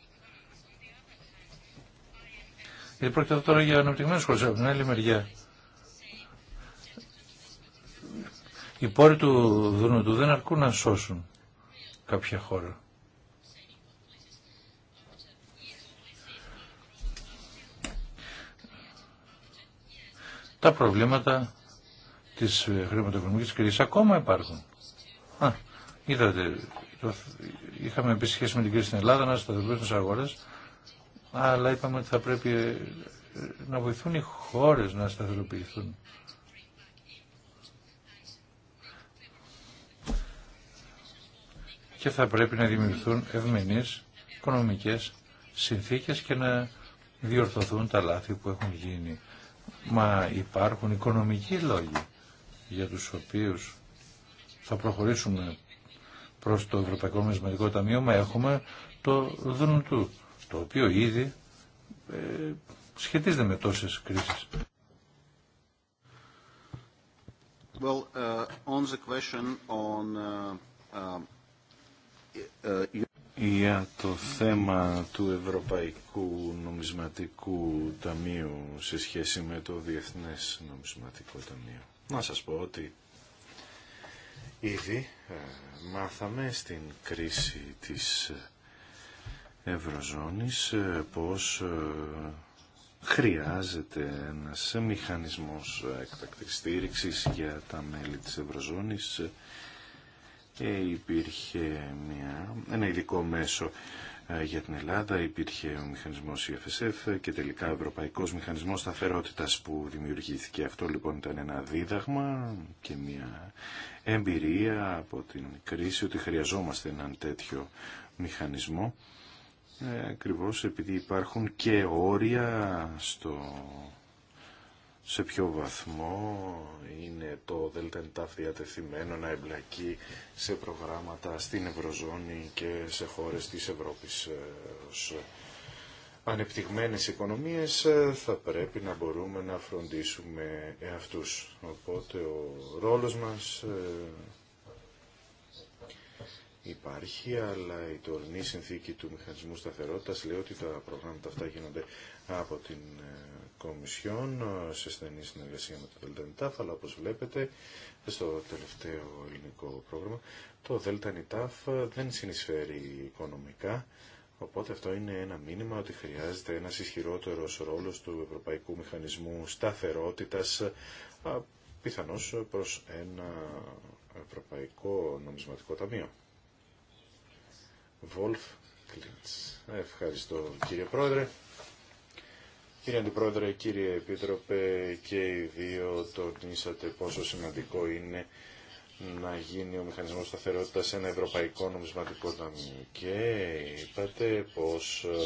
Γιατί ε, πρόκειται τώρα για αναπτυγμένες χώρες από την άλλη μεριά Οι πόροι του Δουνουτού δεν αρκούν να σώσουν κάποια χώρα. Τα προβλήματα της χρηματοοικονομικής κρίσης ακόμα υπάρχουν. Α, είδατε, είχαμε επίσης σχέση με την κρίση στην Ελλάδα, να σταθεροποιήσουν τις αγορές, αλλά είπαμε ότι θα πρέπει ε, να βοηθούν οι χώρες να σταθεροποιηθούν. και θα πρέπει να δημιουργηθούν ευμενείς οικονομικές συνθήκες και να διορθωθούν τα λάθη που έχουν γίνει. Μα υπάρχουν οικονομικοί λόγοι για τους οποίους θα προχωρήσουμε προς το Ευρωπαϊκό Μεσματικό Ταμείο, μα έχουμε το ΔΝΤ, το οποίο ήδη ε, σχετίζεται με τόσες κρίσεις. Well, uh, on the question on, uh, uh, για το θέμα του Ευρωπαϊκού Νομισματικού Ταμείου σε σχέση με το Διεθνές Νομισματικό Ταμείο. Να σας πω ότι ήδη ε, μάθαμε στην κρίση της ε, Ευρωζώνης ε, πως χρειάζεται ένας μηχανισμός εκτακτής στήριξης για τα μέλη της Ευρωζώνης και υπήρχε μια, ένα ειδικό μέσο ε, για την Ελλάδα, υπήρχε ο μηχανισμός EFSF και τελικά ο Ευρωπαϊκός Μηχανισμός Σταθερότητας που δημιουργήθηκε. Αυτό λοιπόν ήταν ένα δίδαγμα και μια εμπειρία από την κρίση ότι χρειαζόμαστε έναν τέτοιο μηχανισμό ε, ακριβώ επειδή υπάρχουν και όρια στο σε ποιο βαθμό είναι το ΔΕΛΤΕΝΤΑΦ διατεθειμένο να εμπλακεί σε προγράμματα στην Ευρωζώνη και σε χώρες της Ευρώπης ε, ως ε, ανεπτυγμένες οικονομίες ε, θα πρέπει να μπορούμε να φροντίσουμε αυτούς. Οπότε ο ρόλος μας υπάρχει, αλλά η τωρινή συνθήκη του Μηχανισμού Σταθερότητας λέει ότι τα προγράμματα αυτά γίνονται από την Κομισιόν ε, σε στενή συνεργασία με το ΔΕΛΤΑΝΙΤΑΦ, αλλά όπως βλέπετε στο τελευταίο ελληνικό πρόγραμμα, το ΔΕΛΤΑΝΙΤΑΦ ε, δεν συνεισφέρει οικονομικά, οπότε αυτό είναι ένα μήνυμα ότι χρειάζεται ένας ισχυρότερος ρόλος του Ευρωπαϊκού Μηχανισμού Σταθερότητας, ε, πιθανώς προς ένα Ευρωπαϊκό Νομισματικό Ταμείο. Ευχαριστώ κύριε Πρόεδρε. Κύριε Αντιπρόεδρε, κύριε Επίτροπε και οι δύο τονίσατε πόσο σημαντικό είναι να γίνει ο μηχανισμός σταθερότητας ένα ευρωπαϊκό νομισματικό ταμείο. Και είπατε πως ε,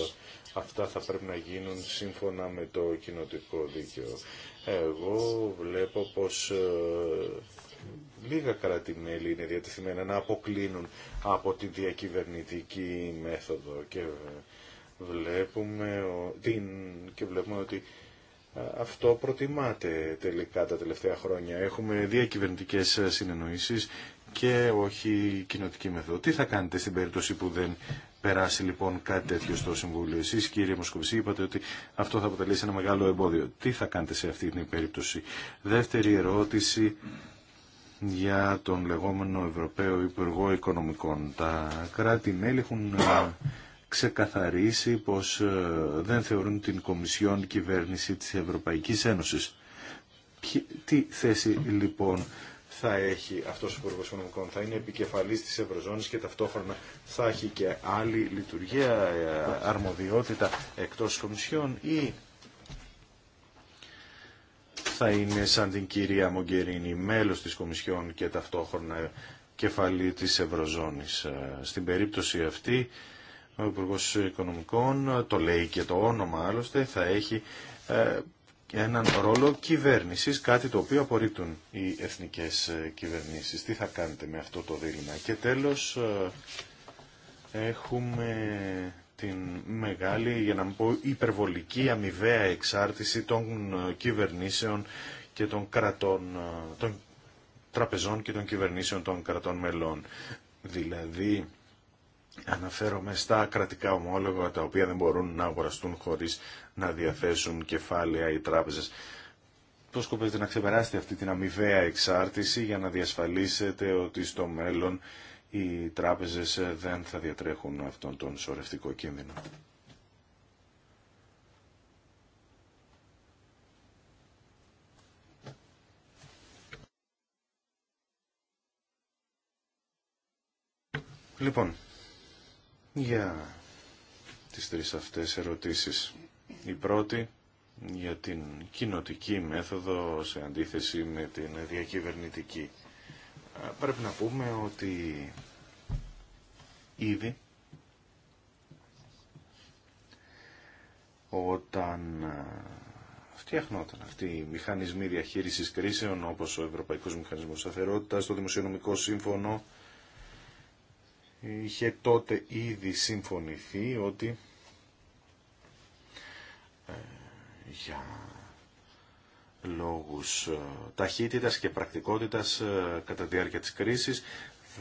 αυτά θα πρέπει να γίνουν σύμφωνα με το κοινοτικό δίκαιο. Εγώ βλέπω πως ε, λίγα κράτη-μέλη είναι διατεθειμένα να αποκλίνουν από τη διακυβερνητική μέθοδο και ε, βλέπουμε, την, και βλέπουμε ότι αυτό προτιμάται τελικά τα τελευταία χρόνια. Έχουμε διακυβερνητικέ ε, συνεννοήσεις και όχι κοινοτική μεθόδο. Τι θα κάνετε στην περίπτωση που δεν περάσει λοιπόν κάτι τέτοιο στο Συμβούλιο. Εσεί, κύριε Μοσκοβισή, είπατε ότι αυτό θα αποτελέσει ένα μεγάλο εμπόδιο. Τι θα κάνετε σε αυτή την περίπτωση. Δεύτερη ερώτηση για τον λεγόμενο Ευρωπαίο Υπουργό Οικονομικών. Τα κράτη-μέλη έχουν ε, ξεκαθαρίσει πως ε, δεν θεωρούν την Κομισιόν κυβέρνηση της Ευρωπαϊκής Ένωσης. Τι θέση λοιπόν θα έχει αυτός ο Υπουργός Οικονομικών, θα είναι επικεφαλής της Ευρωζώνης και ταυτόχρονα θα έχει και άλλη λειτουργία, ε, αρμοδιότητα εκτός Κομισιόν ή θα είναι σαν την κυρία Μογκερίνη μέλος της Κομισιόν και ταυτόχρονα κεφαλή της Ευρωζώνης. Ε, στην περίπτωση αυτή ο Υπουργό Οικονομικών, το λέει και το όνομα άλλωστε, θα έχει ε, έναν ρόλο κυβέρνηση κάτι το οποίο απορρίπτουν οι εθνικές ε, κυβερνήσει. Τι θα κάνετε με αυτό το δίλημα. Και τέλος ε, έχουμε την μεγάλη, για να μην πω υπερβολική αμοιβαία εξάρτηση των κυβερνήσεων και των κρατών, των τραπεζών και των κυβερνήσεων των κρατών μελών. Δηλαδή, Αναφέρομαι στα κρατικά ομόλογα τα οποία δεν μπορούν να αγοραστούν χωρίς να διαθέσουν κεφάλαια οι τράπεζες. Πώς σκοπεύετε να ξεπεράσετε αυτή την αμοιβαία εξάρτηση για να διασφαλίσετε ότι στο μέλλον οι τράπεζες δεν θα διατρέχουν αυτόν τον σωρευτικό κίνδυνο. Λοιπόν, για τις τρεις αυτές ερωτήσεις. Η πρώτη για την κοινοτική μέθοδο σε αντίθεση με την διακυβερνητική. Πρέπει να πούμε ότι ήδη όταν φτιαχνόταν αυτοί οι μηχανισμοί διαχείρισης κρίσεων όπως ο Ευρωπαϊκός Μηχανισμός Σταθερότητας, το Δημοσιονομικό Σύμφωνο είχε τότε ήδη συμφωνηθεί ότι ε, για λόγους ε, ταχύτητας και πρακτικότητας ε, κατά τη διάρκεια της κρίσης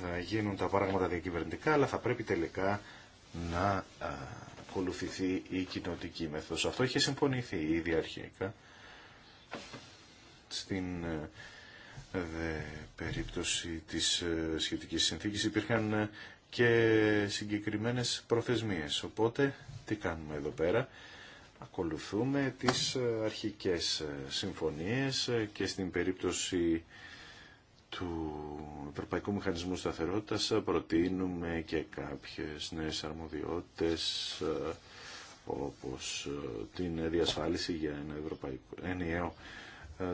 θα γίνουν τα πράγματα διακυβερνητικά, αλλά θα πρέπει τελικά να ακολουθηθεί η κοινοτική μέθοδος. Αυτό είχε συμφωνηθεί ήδη αρχικά στην περίπτωση της σχετικής συνθήκης υπήρχαν και συγκεκριμένες προθεσμίες. Οπότε, τι κάνουμε εδώ πέρα. Ακολουθούμε τις ε, αρχικές ε, συμφωνίες ε, και στην περίπτωση του Ευρωπαϊκού Μηχανισμού Σταθερότητας προτείνουμε και κάποιες νέες αρμοδιότητες όπως την διασφάλιση για ένα ευρωπαϊκό ενιαίο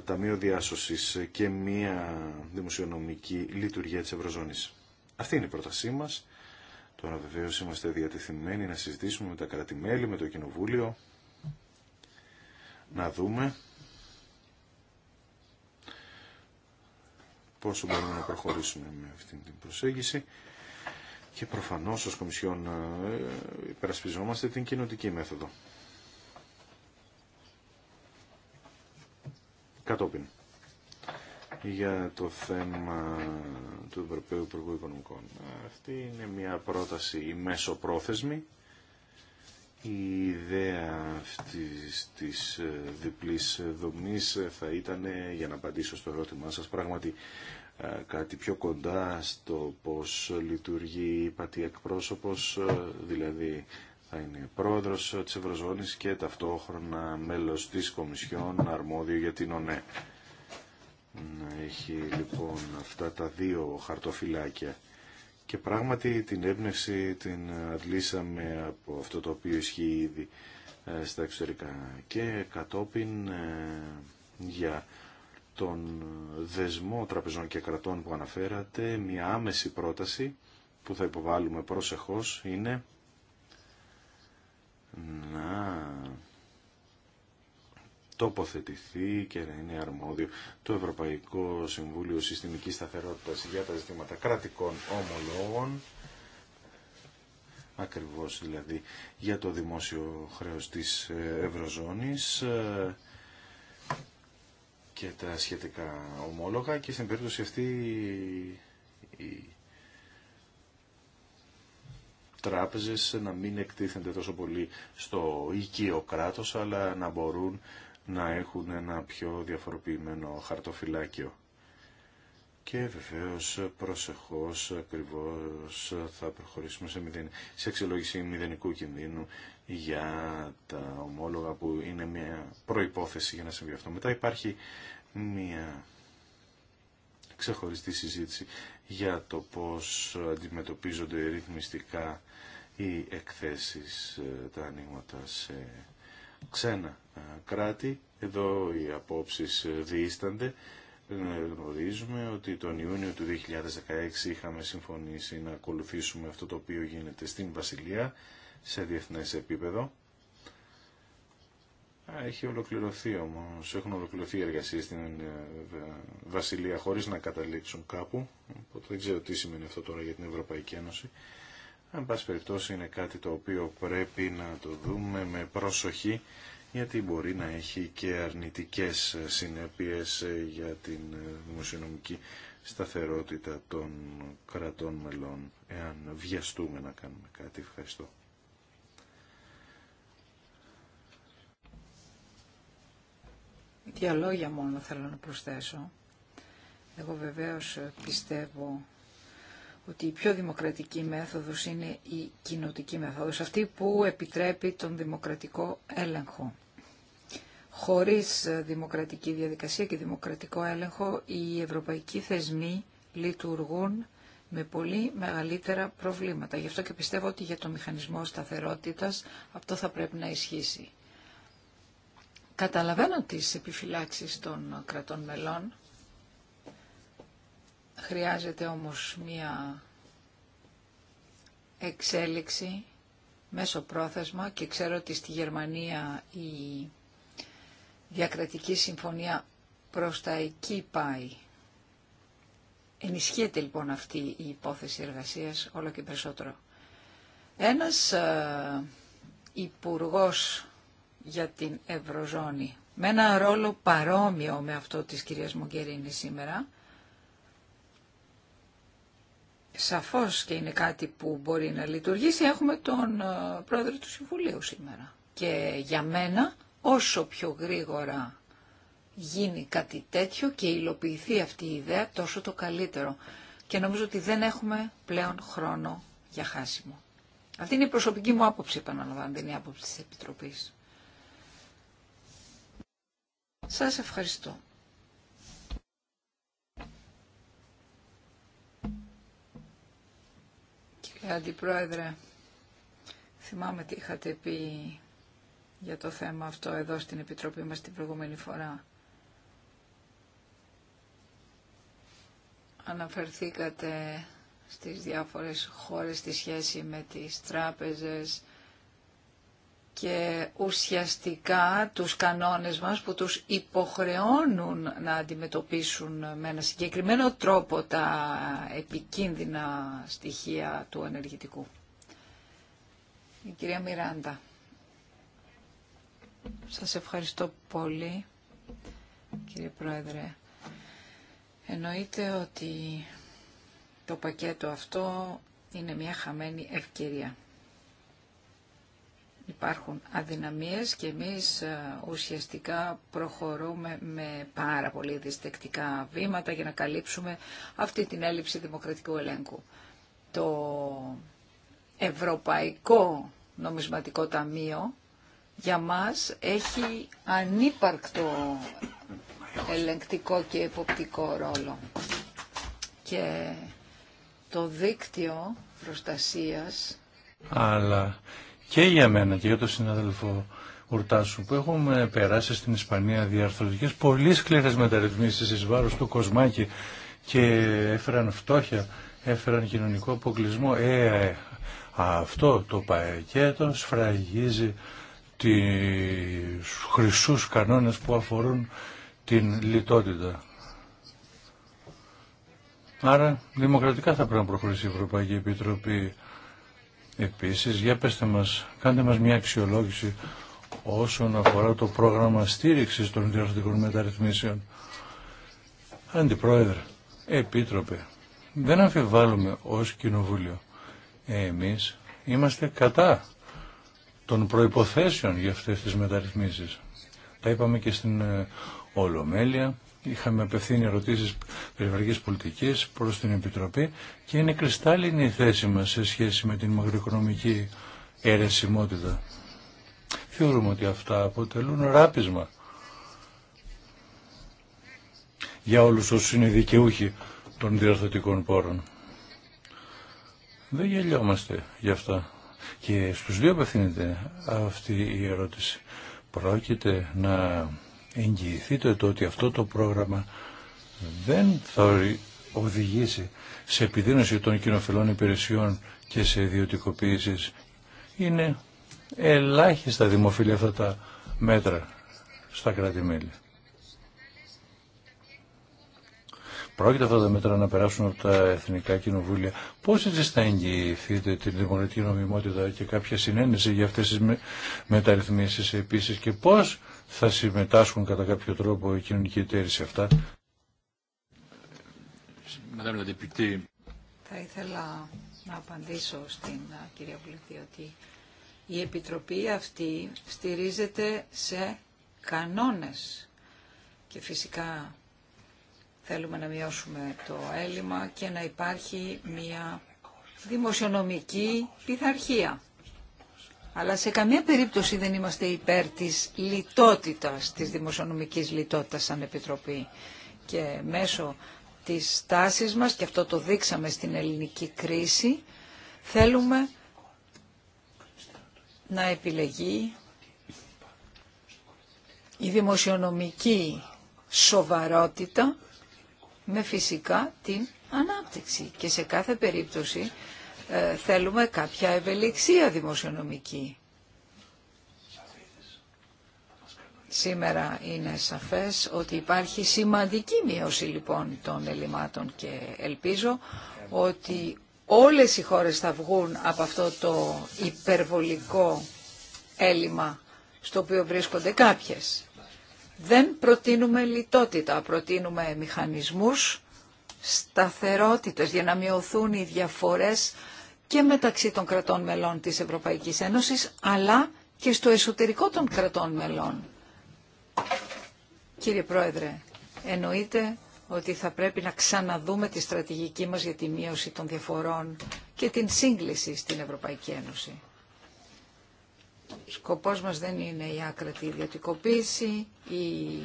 Ταμείο Διάσωσης και μία δημοσιονομική λειτουργία της Ευρωζώνης. Αυτή είναι η πρότασή μας. Τώρα βεβαίω είμαστε διατεθειμένοι να συζητήσουμε με τα κρατημέλη, με το Κοινοβούλιο, να δούμε πόσο μπορούμε να προχωρήσουμε με αυτή την προσέγγιση και προφανώς ως Κομισιόν ε, υπερασπιζόμαστε την κοινοτική μέθοδο. Κατόπιν για το θέμα του Ευρωπαίου Υπουργού Οικονομικών. Αυτή είναι μια πρόταση η πρόθεσμη. Η ιδέα αυτής της ε, διπλής δομής θα ήταν, ε, για να απαντήσω στο ερώτημά σας, πράγματι ε, κάτι πιο κοντά στο πώς λειτουργεί η πατή εκπρόσωπος, δηλαδή θα είναι πρόεδρος της Ευρωζώνης και ταυτόχρονα μέλος της Κομισιόν αρμόδιο για την ΟΝΕ να έχει λοιπόν αυτά τα δύο χαρτοφυλάκια. Και πράγματι την έμπνευση την αντλήσαμε από αυτό το οποίο ισχύει ήδη ε, στα εξωτερικά. Και κατόπιν ε, για τον δεσμό τραπεζών και κρατών που αναφέρατε, μια άμεση πρόταση που θα υποβάλουμε προσεχώς είναι να τοποθετηθεί και να είναι αρμόδιο το Ευρωπαϊκό Συμβούλιο Συστημικής Σταθερότητας για τα ζητήματα κρατικών ομολόγων ακριβώς δηλαδή για το δημόσιο χρέος της ε, Ευρωζώνης ε, και τα σχετικά ομόλογα και στην περίπτωση αυτή οι τράπεζες να μην εκτίθενται τόσο πολύ στο οικείο κράτος αλλά να μπορούν να έχουν ένα πιο διαφοροποιημένο χαρτοφυλάκιο. Και βεβαίως προσεχώς ακριβώς θα προχωρήσουμε σε, μηδεν... σε εξελόγηση μηδενικού κινδύνου για τα ομόλογα που είναι μια προϋπόθεση για να συμβεί αυτό. Μετά υπάρχει μια ξεχωριστή συζήτηση για το πώς αντιμετωπίζονται ρυθμιστικά οι εκθέσεις, ε, τα ανοίγματα σε ξένα ε, κράτη. Εδώ οι απόψεις ε, διήστανται. Ε, γνωρίζουμε ότι τον Ιούνιο του 2016 είχαμε συμφωνήσει να ακολουθήσουμε αυτό το οποίο γίνεται στην Βασιλεία σε διεθνές επίπεδο. Έχει ολοκληρωθεί όμως, έχουν ολοκληρωθεί οι εργασίες στην Βασιλεία χωρίς να καταλήξουν κάπου, οπότε δεν ξέρω τι σημαίνει αυτό τώρα για την Ευρωπαϊκή Ένωση. Αν πάση περιπτώσει είναι κάτι το οποίο πρέπει να το δούμε με προσοχή γιατί μπορεί να έχει και αρνητικές συνέπειες για την δημοσιονομική σταθερότητα των κρατών μελών εάν βιαστούμε να κάνουμε κάτι. Ευχαριστώ. Δύο λόγια μόνο θέλω να προσθέσω. Εγώ βεβαίως πιστεύω ότι η πιο δημοκρατική μέθοδος είναι η κοινοτική μέθοδος, αυτή που επιτρέπει τον δημοκρατικό έλεγχο. Χωρίς ε, δημοκρατική διαδικασία και δημοκρατικό έλεγχο, οι ευρωπαϊκοί θεσμοί λειτουργούν με πολύ μεγαλύτερα προβλήματα. Γι' αυτό και πιστεύω ότι για το μηχανισμό σταθερότητας αυτό θα πρέπει να ισχύσει. Καταλαβαίνω τις επιφυλάξεις των κρατών μελών Χρειάζεται όμως μία εξέλιξη μέσω πρόθεσμα και ξέρω ότι στη Γερμανία η διακρατική συμφωνία προς τα εκεί πάει. Ενισχύεται λοιπόν αυτή η υπόθεση εργασίας όλο και περισσότερο. Ένας υπουργό ε, υπουργός για την Ευρωζώνη με ένα ρόλο παρόμοιο με αυτό της κυρίας Μογκερίνη σήμερα σαφώς και είναι κάτι που μπορεί να λειτουργήσει. Έχουμε τον ε, πρόεδρο του Συμβουλίου σήμερα. Και για μένα όσο πιο γρήγορα γίνει κάτι τέτοιο και υλοποιηθεί αυτή η ιδέα τόσο το καλύτερο. Και νομίζω ότι δεν έχουμε πλέον χρόνο για χάσιμο. Αυτή είναι η προσωπική μου άποψη, επαναλαμβάνω, δεν είναι η άποψη της Επιτροπής. Σας ευχαριστώ. Αντιπρόεδρε, θυμάμαι τι είχατε πει για το θέμα αυτό εδώ στην Επιτροπή μας την προηγούμενη φορά. Αναφερθήκατε στις διάφορες χώρες στη σχέση με τις τράπεζες, και ουσιαστικά τους κανόνες μας που τους υποχρεώνουν να αντιμετωπίσουν με ένα συγκεκριμένο τρόπο τα επικίνδυνα στοιχεία του ενεργητικού. Η κυρία Μιράντα, σας ευχαριστώ πολύ κύριε Πρόεδρε. Εννοείται ότι το πακέτο αυτό είναι μια χαμένη ευκαιρία υπάρχουν αδυναμίες και εμείς ε, ουσιαστικά προχωρούμε με πάρα πολύ διστεκτικά βήματα για να καλύψουμε αυτή την έλλειψη δημοκρατικού ελέγχου. Το Ευρωπαϊκό Νομισματικό Ταμείο για μας έχει ανύπαρκτο ελεγκτικό και εποπτικό ρόλο. Και το δίκτυο προστασίας... Αλλά και για μένα και για τον συνάδελφο Ουρτάσου που έχουμε περάσει στην Ισπανία διαρθρωτικές πολύ σκληρές μεταρρυθμίσεις εις βάρος του Κοσμάκη και έφεραν φτώχεια, έφεραν κοινωνικό αποκλεισμό. Ε, ε, ε, αυτό το πακέτο σφραγίζει τις χρυσούς κανόνες που αφορούν την λιτότητα. Άρα δημοκρατικά θα πρέπει να προχωρήσει η Ευρωπαϊκή Επιτροπή Επίσης, για πέστε μας, κάντε μας μια αξιολόγηση όσον αφορά το πρόγραμμα στήριξης των διορθωτικών μεταρρυθμίσεων. Αντιπρόεδρε, επίτροπε, δεν αμφιβάλλουμε ως κοινοβούλιο. Εμείς είμαστε κατά των προϋποθέσεων για αυτές τις μεταρρυθμίσεις. Τα είπαμε και στην ε, Ολομέλεια είχαμε απευθύνει ερωτήσει περιβαλλικής πολιτικής προς την Επιτροπή και είναι κρυστάλλινη η θέση μας σε σχέση με την μακροοικονομική αιρεσιμότητα. Θεωρούμε ότι αυτά αποτελούν ράπισμα για όλους όσους είναι δικαιούχοι των διορθωτικών πόρων. Δεν γελιόμαστε γι' αυτά. Και στους δύο απευθύνεται αυτή η ερώτηση. Πρόκειται να εγγυηθείτε το ότι αυτό το πρόγραμμα δεν θα οδηγήσει σε επιδείνωση των κοινοφελών υπηρεσιών και σε ιδιωτικοποίηση. Είναι ελάχιστα δημοφιλή αυτά τα μέτρα στα κράτη-μέλη. πρόκειται αυτά τα μέτρα να περάσουν από τα εθνικά κοινοβούλια. Πώς έτσι θα εγγυηθείτε την δημοκρατική νομιμότητα και κάποια συνένεση για αυτές τις μεταρρυθμίσει μεταρρυθμίσεις επίσης και πώς θα συμμετάσχουν κατά κάποιο τρόπο οι κοινωνικοί εταίροι σε αυτά. Θα ήθελα να απαντήσω στην κυρία Βουλευτή ότι η Επιτροπή αυτή στηρίζεται σε κανόνες και φυσικά Θέλουμε να μειώσουμε το έλλειμμα και να υπάρχει μια δημοσιονομική πειθαρχία. Αλλά σε καμία περίπτωση δεν είμαστε υπέρ της λιτότητας, της δημοσιονομικής λιτότητας σαν Επιτροπή. Και μέσω της τάσης μας, και αυτό το δείξαμε στην ελληνική κρίση, θέλουμε να επιλεγεί η δημοσιονομική σοβαρότητα με φυσικά την ανάπτυξη. Και σε κάθε περίπτωση ε, θέλουμε κάποια ευελιξία δημοσιονομική. Σήμερα είναι σαφές ότι υπάρχει σημαντική μείωση λοιπόν των ελλημάτων και ελπίζω ότι όλες οι χώρες θα βγουν από αυτό το υπερβολικό έλλειμμα στο οποίο βρίσκονται κάποιες. Δεν προτείνουμε λιτότητα, προτείνουμε μηχανισμούς σταθερότητας για να μειωθούν οι διαφορές και μεταξύ των κρατών μελών της Ευρωπαϊκής Ένωσης, αλλά και στο εσωτερικό των κρατών μελών. Κύριε Πρόεδρε, εννοείται ότι θα πρέπει να ξαναδούμε τη στρατηγική μας για τη μείωση των διαφορών και την σύγκληση στην Ευρωπαϊκή Ένωση. Σκοπός μας δεν είναι η άκρατη ιδιωτικοποίηση, η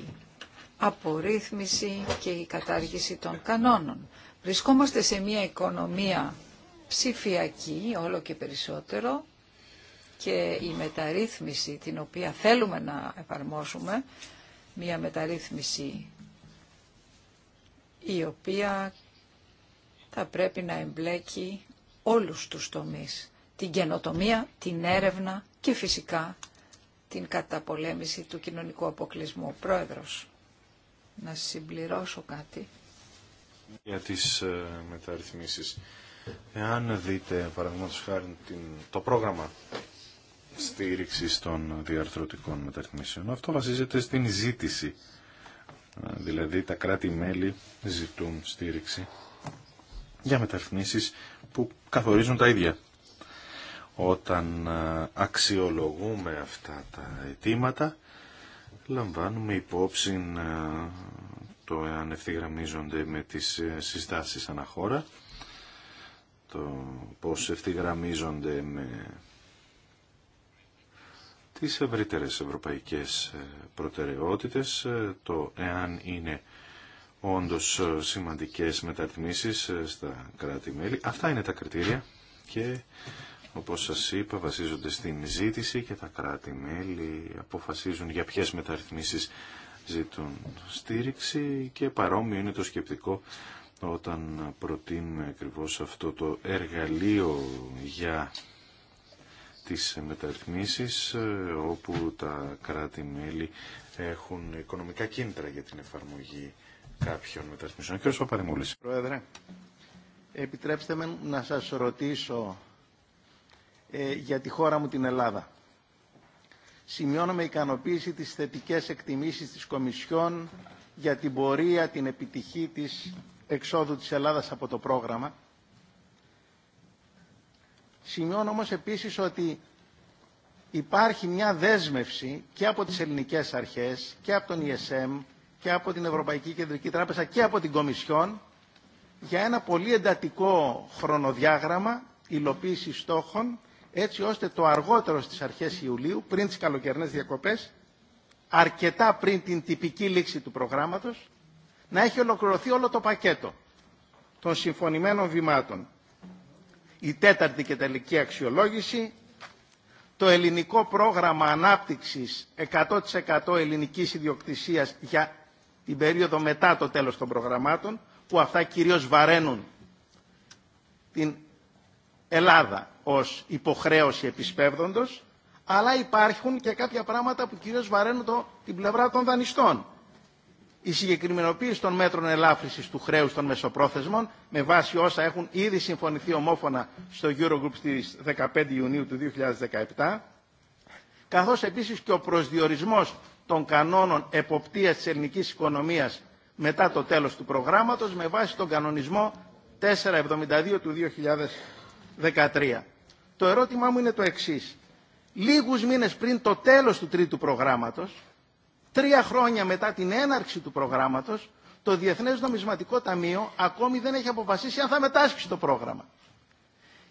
απορρίθμιση και η κατάργηση των κανόνων. Βρισκόμαστε σε μια οικονομία ψηφιακή όλο και περισσότερο και η μεταρρύθμιση την οποία θέλουμε να εφαρμόσουμε, μια μεταρρύθμιση η οποία θα πρέπει να εμπλέκει όλους τους τομείς. Την καινοτομία, την έρευνα, και φυσικά την καταπολέμηση του κοινωνικού αποκλεισμού. Πρόεδρος, να συμπληρώσω κάτι. Για τις ε, μεταρρυθμίσεις. Εάν δείτε, παραδείγματος χάρη, το πρόγραμμα στήριξη των διαρθρωτικών μεταρρυθμίσεων, αυτό βασίζεται στην ζήτηση. Ε, δηλαδή τα κράτη-μέλη ζητούν στήριξη για μεταρρυθμίσεις που καθορίζουν τα ίδια όταν ε, αξιολογούμε αυτά τα αιτήματα λαμβάνουμε υπόψη ε, το εάν ευθυγραμμίζονται με τις ε, συστάσεις αναχώρα το πώς ευθυγραμμίζονται με τις ευρύτερες ευρωπαϊκές προτεραιότητες, το εάν είναι όντως σημαντικές μεταρρυθμίσεις στα κράτη-μέλη. Αυτά είναι τα κριτήρια και όπως σας είπα, βασίζονται στην ζήτηση και τα κράτη-μέλη αποφασίζουν για ποιες μεταρρυθμίσεις ζητούν στήριξη και παρόμοιο είναι το σκεπτικό όταν προτείνουμε ακριβώ αυτό το εργαλείο για τις μεταρρυθμίσεις ε, όπου τα κράτη-μέλη έχουν οικονομικά κίνητρα για την εφαρμογή κάποιων μεταρρυθμίσεων. Κύριε Παπαδημούλης. Πρόεδρε, επιτρέψτε με να σας ρωτήσω ε, για τη χώρα μου την Ελλάδα. Σημειώνω με ικανοποίηση τις θετικές εκτιμήσεις της Κομισιόν για την πορεία, την επιτυχή της εξόδου της Ελλάδας από το πρόγραμμα. Σημειώνω όμως επίσης ότι υπάρχει μια δέσμευση και από τις ελληνικές αρχές και από τον ESM και από την Ευρωπαϊκή Κεντρική Τράπεζα και από την Κομισιόν για ένα πολύ εντατικό χρονοδιάγραμμα υλοποίηση στόχων έτσι ώστε το αργότερο στις αρχές Ιουλίου, πριν τις καλοκαιρινές διακοπές, αρκετά πριν την τυπική λήξη του προγράμματος, να έχει ολοκληρωθεί όλο το πακέτο των συμφωνημένων βημάτων. Η τέταρτη και τελική αξιολόγηση, το ελληνικό πρόγραμμα ανάπτυξης 100% ελληνικής ιδιοκτησίας για την περίοδο μετά το τέλος των προγραμμάτων, που αυτά κυρίως βαραίνουν την Ελλάδα ως υποχρέωση επισπεύδοντος, αλλά υπάρχουν και κάποια πράγματα που κυρίως βαραίνουν το, την πλευρά των δανειστών. Η συγκεκριμενοποίηση των μέτρων ελάφρυσης του χρέους των μεσοπρόθεσμων με βάση όσα έχουν ήδη συμφωνηθεί ομόφωνα στο Eurogroup στις 15 Ιουνίου του 2017, καθώς επίσης και ο προσδιορισμός των κανόνων εποπτείας της ελληνικής οικονομίας μετά το τέλος του προγράμματος με βάση τον κανονισμό 472 του 2013. Το ερώτημά μου είναι το εξής. Λίγους μήνες πριν το τέλος του τρίτου προγράμματος, τρία χρόνια μετά την έναρξη του προγράμματος, το Διεθνές Νομισματικό Ταμείο ακόμη δεν έχει αποφασίσει αν θα μετάσχει το πρόγραμμα.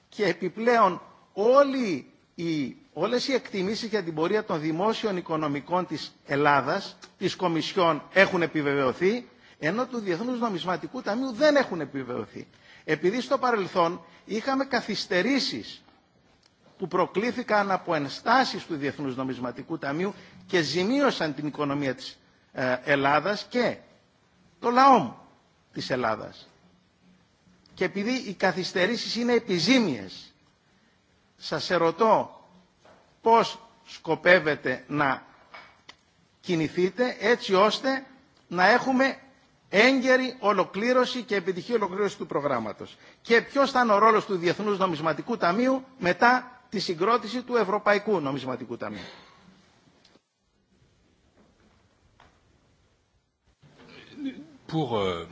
Και επιπλέον όλοι οι, όλες οι εκτιμήσεις για την πορεία των δημόσιων οικονομικών της Ελλάδας, της Κομισιόν, έχουν επιβεβαιωθεί, ενώ του Διεθνούς Νομισματικού Ταμείου δεν έχουν επιβεβαιωθεί. Επειδή στο παρελθόν είχαμε καθυστερήσεις που προκλήθηκαν από ενστάσεις του Διεθνούς Νομισματικού Ταμείου και ζημίωσαν την οικονομία της ε, Ελλάδας και το λαό της Ελλάδας. Και επειδή οι καθυστερήσεις είναι επιζήμιες, σας ερωτώ πώς σκοπεύετε να κινηθείτε έτσι ώστε να έχουμε έγκαιρη ολοκλήρωση και επιτυχή ολοκλήρωση του προγράμματος. Και ποιος θα είναι ο ρόλος του Διεθνούς Νομισματικού Ταμείου μετά τη συγκρότηση του Ευρωπαϊκού Νομισματικού Ταμείου. Euh,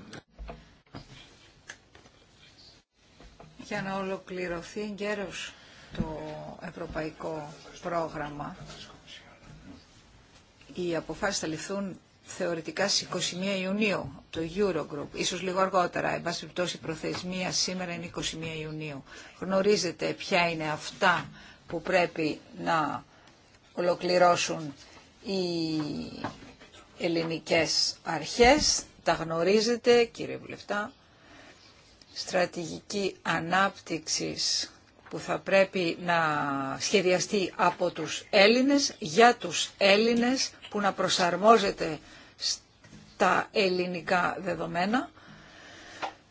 Για να ολοκληρωθεί εγκαίρως το ευρωπαϊκό πρόγραμμα, οι αποφάσεις θα ληφθούν θεωρητικά στις 21 Ιουνίου το Eurogroup, ίσως λίγο αργότερα, εν πάση προθεσμία σήμερα είναι 21 Ιουνίου. Γνωρίζετε ποια είναι αυτά που πρέπει να ολοκληρώσουν οι ελληνικές αρχές, τα γνωρίζετε κύριε Βουλευτά, στρατηγική ανάπτυξης που θα πρέπει να σχεδιαστεί από τους Έλληνες, για τους Έλληνες, που να προσαρμόζεται στα ελληνικά δεδομένα.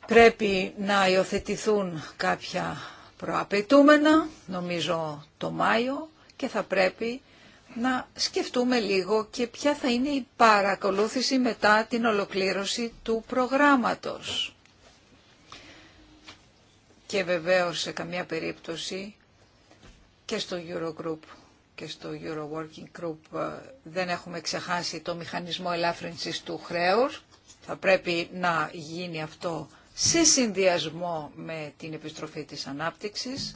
Πρέπει να υιοθετηθούν κάποια προαπαιτούμενα, νομίζω το Μάιο, και θα πρέπει να σκεφτούμε λίγο και ποια θα είναι η παρακολούθηση μετά την ολοκλήρωση του προγράμματος. Και βεβαίως σε καμία περίπτωση και στο Eurogroup και στο Euro Working Group ε, δεν έχουμε ξεχάσει το μηχανισμό ελάφρυνσης του χρέους. Θα πρέπει να γίνει αυτό σε συνδυασμό με την επιστροφή της ανάπτυξης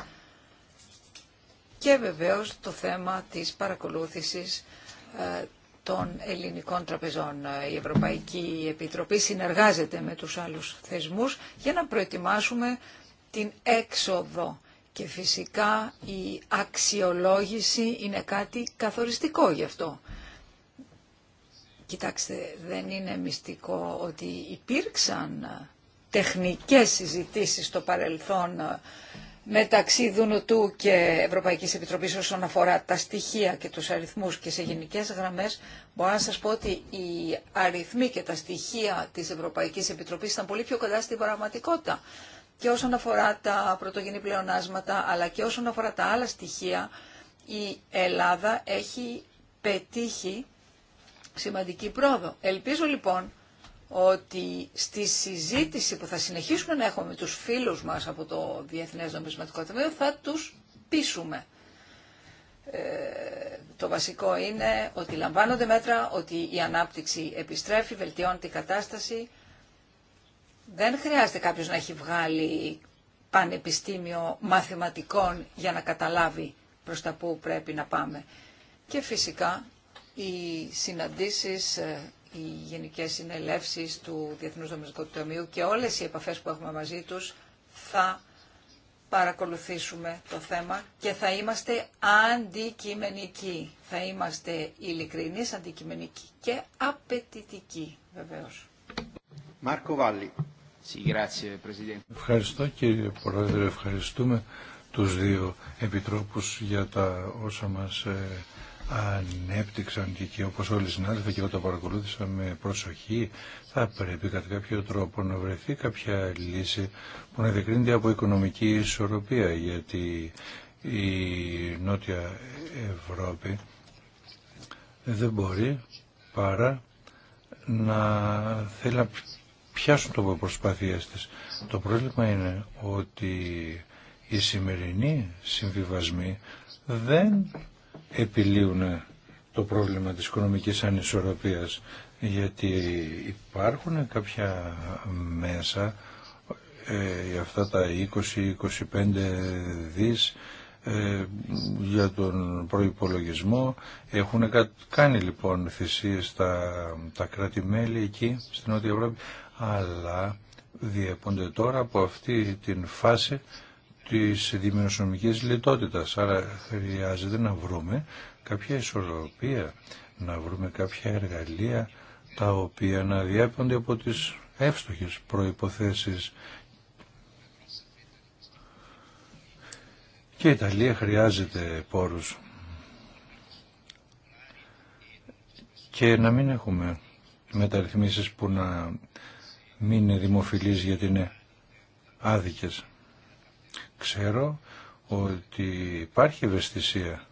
και βεβαίως το θέμα της παρακολούθησης ε, των ελληνικών τραπεζών. Η Ευρωπαϊκή Επιτροπή συνεργάζεται με τους άλλους θεσμούς για να προετοιμάσουμε την έξοδο και φυσικά η αξιολόγηση είναι κάτι καθοριστικό γι' αυτό. Κοιτάξτε, δεν είναι μυστικό ότι υπήρξαν ε, τεχνικές συζητήσεις στο παρελθόν ε, μεταξύ Δουνουτού και Ευρωπαϊκής Επιτροπής όσον αφορά τα στοιχεία και τους αριθμούς και σε γενικές γραμμές μπορώ να σας πω ότι οι αριθμοί και τα στοιχεία της Ευρωπαϊκής Επιτροπής ήταν πολύ πιο κοντά στην πραγματικότητα και όσον αφορά τα πρωτογενή πλεονάσματα, αλλά και όσον αφορά τα άλλα στοιχεία, η Ελλάδα έχει πετύχει σημαντική πρόοδο. Ελπίζω λοιπόν ότι στη συζήτηση που θα συνεχίσουμε να έχουμε με τους φίλους μας από το Διεθνές Νομισματικό Ταμείο θα τους πείσουμε. Ε, το βασικό είναι ότι λαμβάνονται μέτρα, ότι η ανάπτυξη επιστρέφει, βελτιώνει την κατάσταση δεν χρειάζεται κάποιο να έχει βγάλει πανεπιστήμιο μαθηματικών για να καταλάβει προς τα που πρέπει να πάμε. Και φυσικά οι συναντήσεις, ε, οι γενικές συνελεύσεις του Διεθνούς Δομιστικού Ταμείου και όλες οι επαφές που έχουμε μαζί τους θα παρακολουθήσουμε το θέμα και θα είμαστε αντικειμενικοί. Θα είμαστε ειλικρινείς, αντικειμενικοί και απαιτητικοί βεβαίως. Μάρκο Βάλλη. Ευχαριστώ κύριε Πρόεδρε, ευχαριστούμε τους δύο επιτρόπους για τα όσα μας ε, ανέπτυξαν και και όπως όλοι οι συνάδελφοι και όταν τα παρακολούθησα με προσοχή θα πρέπει κατά κάποιο τρόπο να βρεθεί κάποια λύση που να διακρίνεται από οικονομική ισορροπία γιατί η Νότια Ευρώπη δεν μπορεί παρά να θέλει να πιάσουν το προσπάθειές της. Το πρόβλημα είναι ότι οι σημερινοί συμβιβασμοί δεν επιλύουν το πρόβλημα της οικονομικής ανισορροπίας γιατί υπάρχουν κάποια μέσα ε, αυτά τα 20-25 δις ε, για τον προϋπολογισμό έχουν κάνει λοιπόν θυσίες τα, τα κράτη-μέλη εκεί στην Νότια Ευρώπη αλλά διεπονται τώρα από αυτή την φάση της δημοσιονομικής λιτότητας. Άρα χρειάζεται να βρούμε κάποια ισορροπία, να βρούμε κάποια εργαλεία τα οποία να διέπονται από τις εύστοχες προϋποθέσεις. Και η Ιταλία χρειάζεται πόρους. Και να μην έχουμε μεταρρυθμίσεις που να μην είναι δημοφιλής γιατί είναι άδικες. Ξέρω ότι υπάρχει ευαισθησία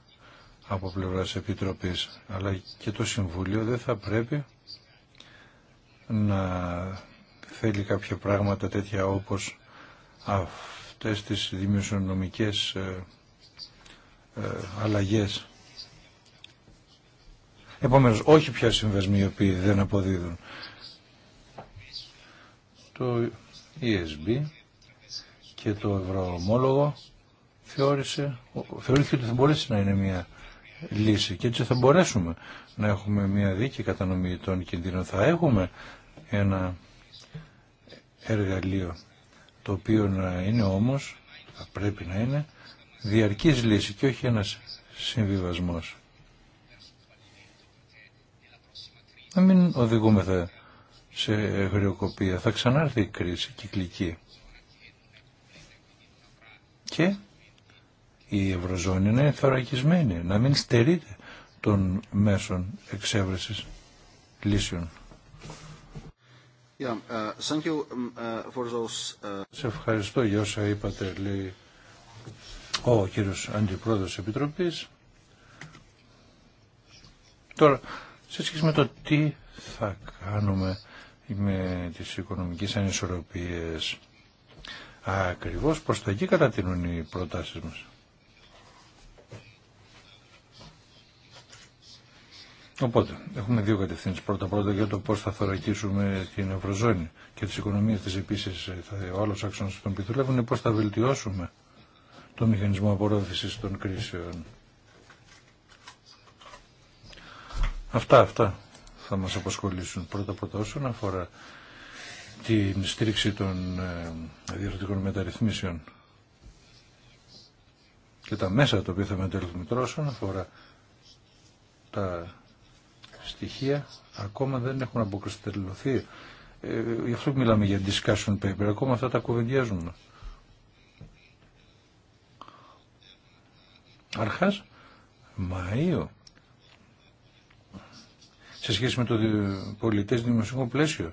από πλευράς Επιτροπής, αλλά και το Συμβούλιο δεν θα πρέπει να θέλει κάποια πράγματα τέτοια όπως αυτές τις δημοσιονομικές ε, ε, αλλαγές. Επομένως, όχι πια συμβασμοί οι οποίοι δεν αποδίδουν το ESB και το ευρωομόλογο θεώρησε, θεωρήθηκε ότι θα μπορέσει να είναι μια λύση και έτσι θα μπορέσουμε να έχουμε μια δίκη κατανομή των κινδύνων. Θα έχουμε ένα εργαλείο το οποίο να είναι όμως, θα πρέπει να είναι, διαρκής λύση και όχι ένας συμβιβασμός. Να μην οδηγούμεθα σε χρεοκοπία. Θα ξανάρθει η κρίση κυκλική. Και η Ευρωζώνη είναι θωρακισμένη, να μην στερείται των μέσων εξέβρεσης λύσεων. Yeah, uh, um, uh, uh, Σε ευχαριστώ για όσα είπατε, λέει ο κύριος Αντιπρόεδρος Επιτροπής. Τώρα, σε σχέση με το τι θα κάνουμε με τις οικονομικές ανισορροπίες. Ακριβώς προς τα εκεί κατατείνουν οι προτάσεις μας. Οπότε, έχουμε δύο κατευθύνσεις. Πρώτα πρώτα για το πώς θα θωρακίσουμε την Ευρωζώνη και τις οικονομίες της επίσης, ε, θα, ο άλλος άξονας των πιθουλεύουν πώς θα βελτιώσουμε το μηχανισμό απορρόφησης των κρίσεων. Αυτά, αυτά θα μας απασχολήσουν. Πρώτα πρώτα όσον αφορά την στήριξη των ε, διαφορετικών μεταρρυθμίσεων και τα μέσα τα οποία θα μετέλθουν τώρα όσον αφορά τα στοιχεία ακόμα δεν έχουν αποκριστελωθεί. Ε, γι' αυτό μιλάμε για discussion paper, ακόμα αυτά τα κουβεντιάζουμε. Αρχάς, Μαΐο σε σχέση με το πολιτές δημοσιογικό πλαίσιο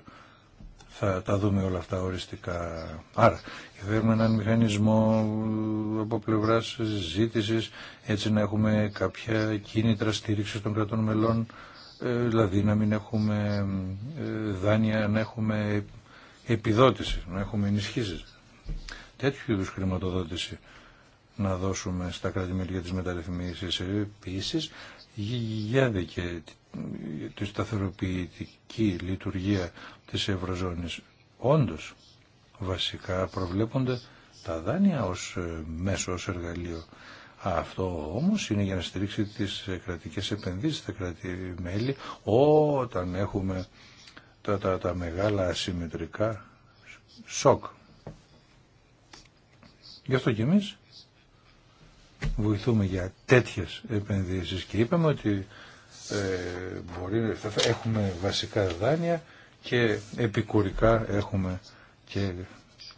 θα τα δούμε όλα αυτά οριστικά. Άρα, θέλουμε έναν μηχανισμό από πλευρά ζήτηση, έτσι να έχουμε κάποια κίνητρα στήριξη των κρατών μελών, ε, δηλαδή να μην έχουμε ε, δάνεια, να έχουμε επιδότηση, να έχουμε ενισχύσει. Τέτοιου είδου χρηματοδότηση να δώσουμε στα κράτη-μέλη για τι μεταρρυθμίσει. Επίση, για τη σταθεροποιητική λειτουργία της Ευρωζώνης. Όντως, βασικά προβλέπονται τα δάνεια ως ε, μέσο, ως εργαλείο. Αυτό όμως είναι για να στηρίξει τις ε, κρατικές επενδύσεις στα κράτη-μέλη όταν έχουμε τα, τα, τα μεγάλα ασυμμετρικά σοκ. Γι' αυτό και εμείς βοηθούμε για τέτοιες επενδύσεις και είπαμε ότι ε, μπορεί, έχουμε βασικά δάνεια και επικουρικά έχουμε και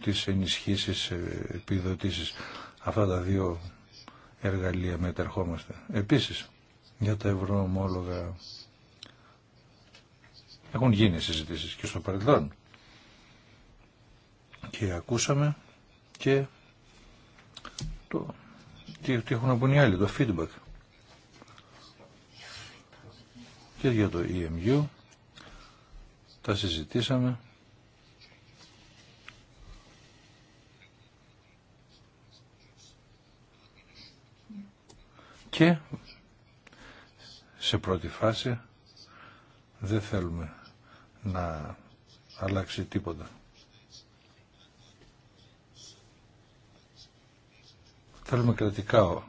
τις ενισχύσεις ε, επιδοτήσεις. Αυτά τα δύο εργαλεία μεταρχόμαστε. Επίσης, για τα ευρωομόλογα έχουν γίνει συζητήσεις και στο παρελθόν. Και ακούσαμε και το τι, τι έχουν να το feedback. και για το EMU. Τα συζητήσαμε. Και σε πρώτη φάση δεν θέλουμε να αλλάξει τίποτα. Θέλουμε κρατικά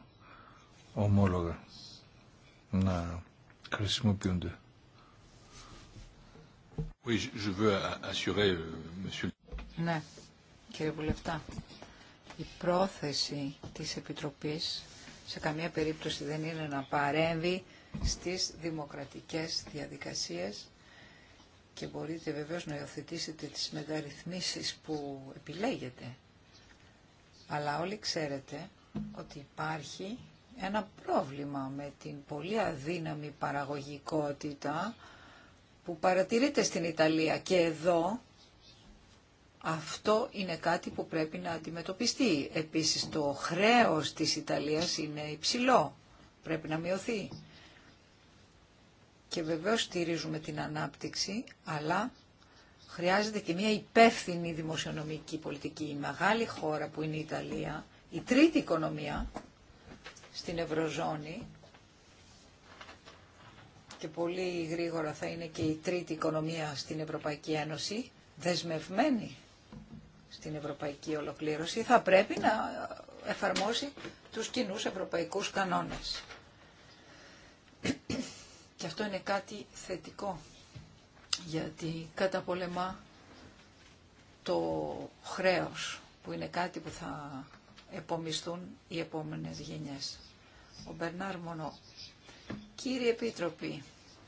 ομόλογα να χρησιμοποιούνται. Oui, je veux assurer, euh, monsieur... Ναι, κύριε Βουλευτά, η πρόθεση της Επιτροπής σε καμία περίπτωση δεν είναι να παρέμβει στις δημοκρατικές διαδικασίες και μπορείτε βεβαίως να υιοθετήσετε τις μεταρρυθμίσεις που επιλέγετε. Αλλά όλοι ξέρετε ότι υπάρχει ένα πρόβλημα με την πολύ αδύναμη παραγωγικότητα που παρατηρείται στην Ιταλία και εδώ αυτό είναι κάτι που πρέπει να αντιμετωπιστεί. Επίσης το χρέος της Ιταλίας είναι υψηλό, πρέπει να μειωθεί. Και βεβαίως στηρίζουμε την ανάπτυξη, αλλά χρειάζεται και μια υπεύθυνη δημοσιονομική πολιτική. Η μεγάλη χώρα που είναι η Ιταλία, η τρίτη οικονομία στην Ευρωζώνη και πολύ γρήγορα θα είναι και η τρίτη οικονομία στην Ευρωπαϊκή Ένωση, δεσμευμένη στην Ευρωπαϊκή Ολοκλήρωση, θα πρέπει να εφαρμόσει τους κοινούς ευρωπαϊκούς κανόνες. Και αυτό είναι κάτι θετικό, γιατί πολεμά το χρέος, που είναι κάτι που θα επομισθούν οι επόμενες γενιές ο Μπερνάρ Μονό. Κύριε Επίτροπη,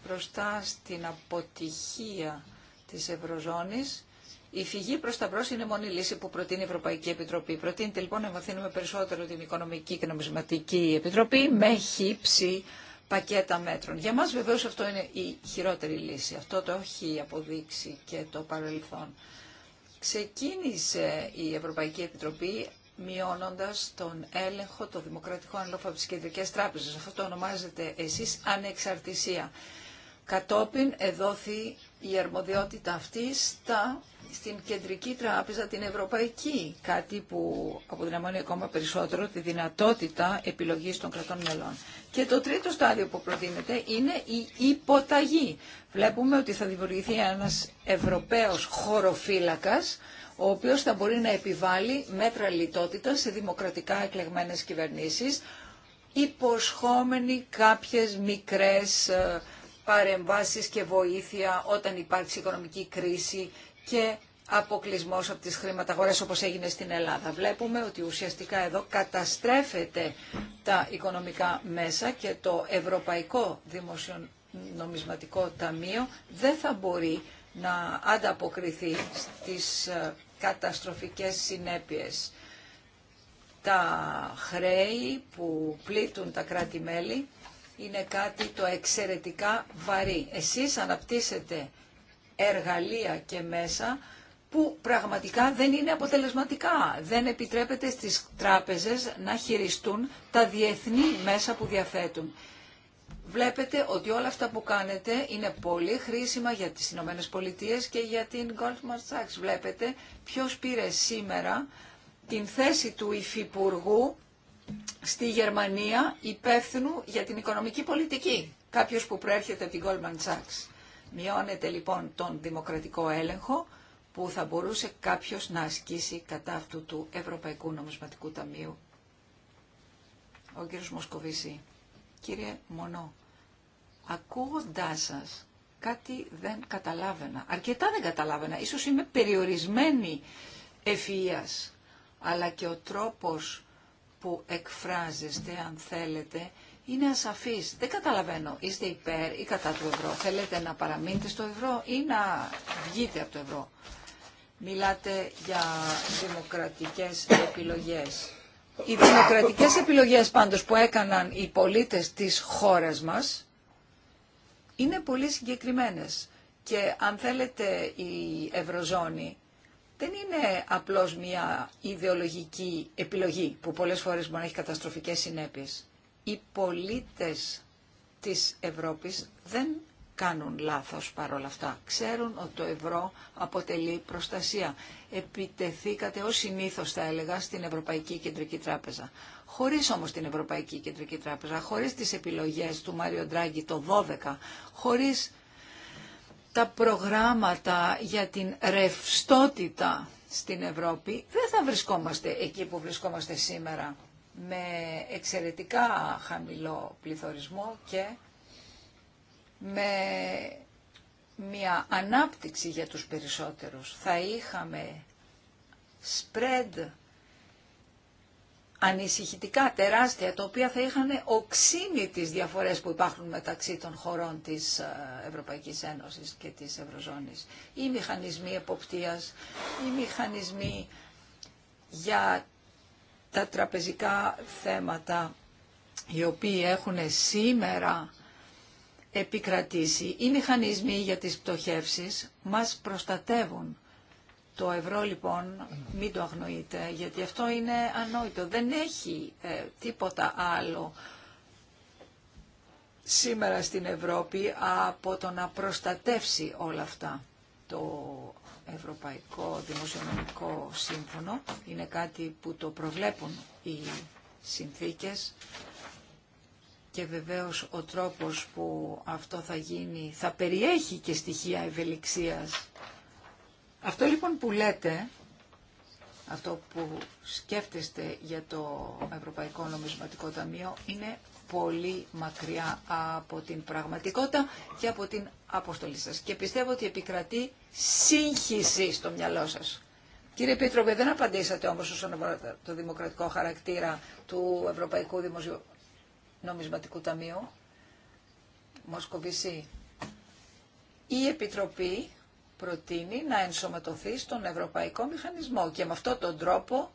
μπροστά στην αποτυχία της Ευρωζώνης, η φυγή προ τα μπρο είναι η μόνη λύση που προτείνει η Ευρωπαϊκή Επιτροπή. Προτείνεται λοιπόν να εμβαθύνουμε περισσότερο την Οικονομική και Νομισματική Επιτροπή με χύψη πακέτα μέτρων. Για μα βεβαίω αυτό είναι η χειρότερη λύση. Αυτό το έχει αποδείξει και το παρελθόν. Ξεκίνησε η Ευρωπαϊκή Επιτροπή μειώνοντας τον έλεγχο των δημοκρατικών ελόφων από τις κεντρικές τράπεζες. Αυτό το ονομάζετε εσείς ανεξαρτησία. Κατόπιν εδόθη η αρμοδιότητα αυτή στα, στην Κεντρική Τράπεζα, την Ευρωπαϊκή, κάτι που αποδυναμώνει ακόμα περισσότερο τη δυνατότητα επιλογής των κρατών μελών. Και το τρίτο στάδιο που προτείνεται είναι η υποταγή. Βλέπουμε ότι θα δημιουργηθεί ένας Ευρωπαίος χωροφύλακας, ο οποίος θα μπορεί να επιβάλλει μέτρα λιτότητα σε δημοκρατικά εκλεγμένες κυβερνήσεις, υποσχόμενοι κάποιες μικρές ε, παρεμβάσεις και βοήθεια όταν υπάρξει οικονομική κρίση και αποκλεισμό από τις χρηματαγορές όπως έγινε στην Ελλάδα. Βλέπουμε ότι ουσιαστικά εδώ καταστρέφεται τα οικονομικά μέσα και το Ευρωπαϊκό Δημοσιονομισματικό Ταμείο δεν θα μπορεί να ανταποκριθεί στις ε, καταστροφικές συνέπειες. Τα χρέη που πλήττουν τα κράτη-μέλη είναι κάτι το εξαιρετικά βαρύ. Εσείς αναπτύσσετε εργαλεία και μέσα που πραγματικά δεν είναι αποτελεσματικά. Δεν επιτρέπεται στις τράπεζες να χειριστούν τα διεθνή μέσα που διαθέτουν βλέπετε ότι όλα αυτά που κάνετε είναι πολύ χρήσιμα για τις Ηνωμένε Πολιτείες και για την Goldman Sachs. Βλέπετε ποιος πήρε σήμερα την θέση του Υφυπουργού στη Γερμανία υπεύθυνου για την οικονομική πολιτική. Κάποιος που προέρχεται από την Goldman Sachs. Μειώνεται λοιπόν τον δημοκρατικό έλεγχο που θα μπορούσε κάποιος να ασκήσει κατά αυτού του Ευρωπαϊκού Νομισματικού Ταμείου. Ο κύριος Μοσκοβίση. Κύριε Μονό, ακούγοντάς σας κάτι δεν καταλάβαινα. Αρκετά δεν καταλάβαινα. Ίσως είμαι περιορισμένη ευφυΐας. Αλλά και ο τρόπος που εκφράζεστε, αν θέλετε, είναι ασαφής. Δεν καταλαβαίνω. Είστε υπέρ ή κατά του ευρώ. Θέλετε να παραμείνετε στο ευρώ ή να βγείτε από το ευρώ. Μιλάτε για δημοκρατικές επιλογές. Οι δημοκρατικές επιλογές πάντως που έκαναν οι πολίτες της χώρας μας είναι πολύ συγκεκριμένες. Και αν θέλετε η Ευρωζώνη δεν είναι απλώς μια ιδεολογική επιλογή που πολλές φορές μπορεί να έχει καταστροφικές συνέπειες. Οι πολίτες της Ευρώπης δεν κάνουν λάθος παρόλα αυτά. Ξέρουν ότι το ευρώ αποτελεί προστασία. Επιτεθήκατε ως συνήθως θα έλεγα στην Ευρωπαϊκή Κεντρική Τράπεζα. Χωρίς όμως την Ευρωπαϊκή Κεντρική Τράπεζα, χωρίς τις επιλογές του Μάριο Ντράγκη το 12, χωρίς τα προγράμματα για την ρευστότητα στην Ευρώπη, δεν θα βρισκόμαστε εκεί που βρισκόμαστε σήμερα με εξαιρετικά χαμηλό πληθωρισμό και με μια ανάπτυξη για τους περισσότερους. Θα είχαμε spread ανησυχητικά τεράστια, τα οποία θα είχαν οξύνει τις διαφορές που υπάρχουν μεταξύ των χωρών της ε, Ευρωπαϊκής Ένωσης και της Ευρωζώνης. Οι μηχανισμοί εποπτείας, οι μηχανισμοί για τα τραπεζικά θέματα, οι οποίοι έχουν σήμερα επικρατήσει. Οι μηχανισμοί για τις πτωχεύσεις μας προστατεύουν. Το ευρώ λοιπόν μην το αγνοείτε, γιατί αυτό είναι ανόητο. Δεν έχει ε, τίποτα άλλο σήμερα στην Ευρώπη από το να προστατεύσει όλα αυτά. Το Ευρωπαϊκό Δημοσιονομικό Σύμφωνο είναι κάτι που το προβλέπουν οι συνθήκες και βεβαίως ο τρόπος που αυτό θα γίνει θα περιέχει και στοιχεία ευελιξίας. Αυτό λοιπόν που λέτε, αυτό που σκέφτεστε για το Ευρωπαϊκό Νομισματικό Ταμείο είναι πολύ μακριά από την πραγματικότητα και από την αποστολή σας. Και πιστεύω ότι επικρατεί σύγχυση στο μυαλό σας. Κύριε Επίτροπε, δεν απαντήσατε όμως όσον το δημοκρατικό χαρακτήρα του Ευρωπαϊκού Δημοσιου. Νομισματικού Ταμείου, Μοσκοβισή, η Επιτροπή προτείνει να ενσωματωθεί στον Ευρωπαϊκό Μηχανισμό και με αυτόν τον τρόπο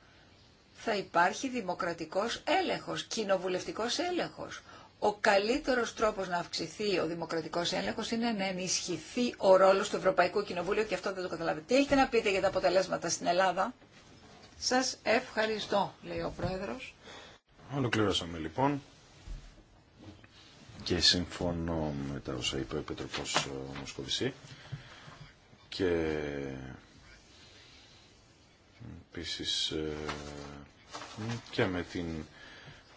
θα υπάρχει δημοκρατικός έλεγχος, κοινοβουλευτικός έλεγχος. Ο καλύτερος τρόπος να αυξηθεί ο δημοκρατικός έλεγχος είναι να ενισχυθεί ο ρόλος του Ευρωπαϊκού Κοινοβούλιο και αυτό δεν το καταλάβετε. Τι έχετε να πείτε για τα αποτελέσματα στην Ελλάδα. Σας ευχαριστώ, λέει ο Πρόεδρος. Ολοκληρώσαμε λοιπόν και συμφωνώ με τα όσα είπε ο Επιτροπός Μοσκοβισή και επίσης ε, και με την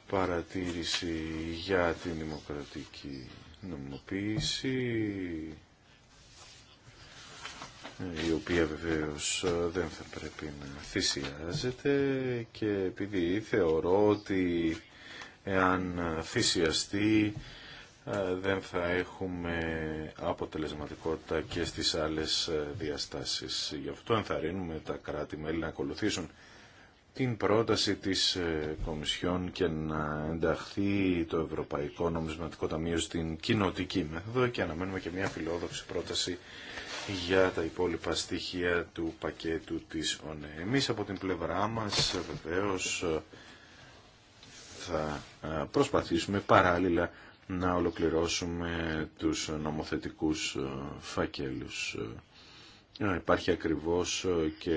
παρατήρηση για την δημοκρατική νομοποίηση η οποία βεβαίως δεν θα πρέπει να θυσιάζεται και επειδή θεωρώ ότι εάν θυσιαστεί ε, δεν θα έχουμε αποτελεσματικότητα και στις άλλες ε, διαστάσεις. Γι' αυτό ενθαρρύνουμε τα κράτη-μέλη να ακολουθήσουν την πρόταση της ε, Κομισιόν και να ενταχθεί το Ευρωπαϊκό Νομισματικό Ταμείο στην κοινοτική μέθοδο και αναμένουμε και μια φιλόδοξη πρόταση για τα υπόλοιπα στοιχεία του πακέτου της ΟΝΕ. Εμείς από την πλευρά μας βεβαίως θα προσπαθήσουμε παράλληλα να ολοκληρώσουμε τους νομοθετικούς ε, φακέλους. Ε, υπάρχει ακριβώς ε, και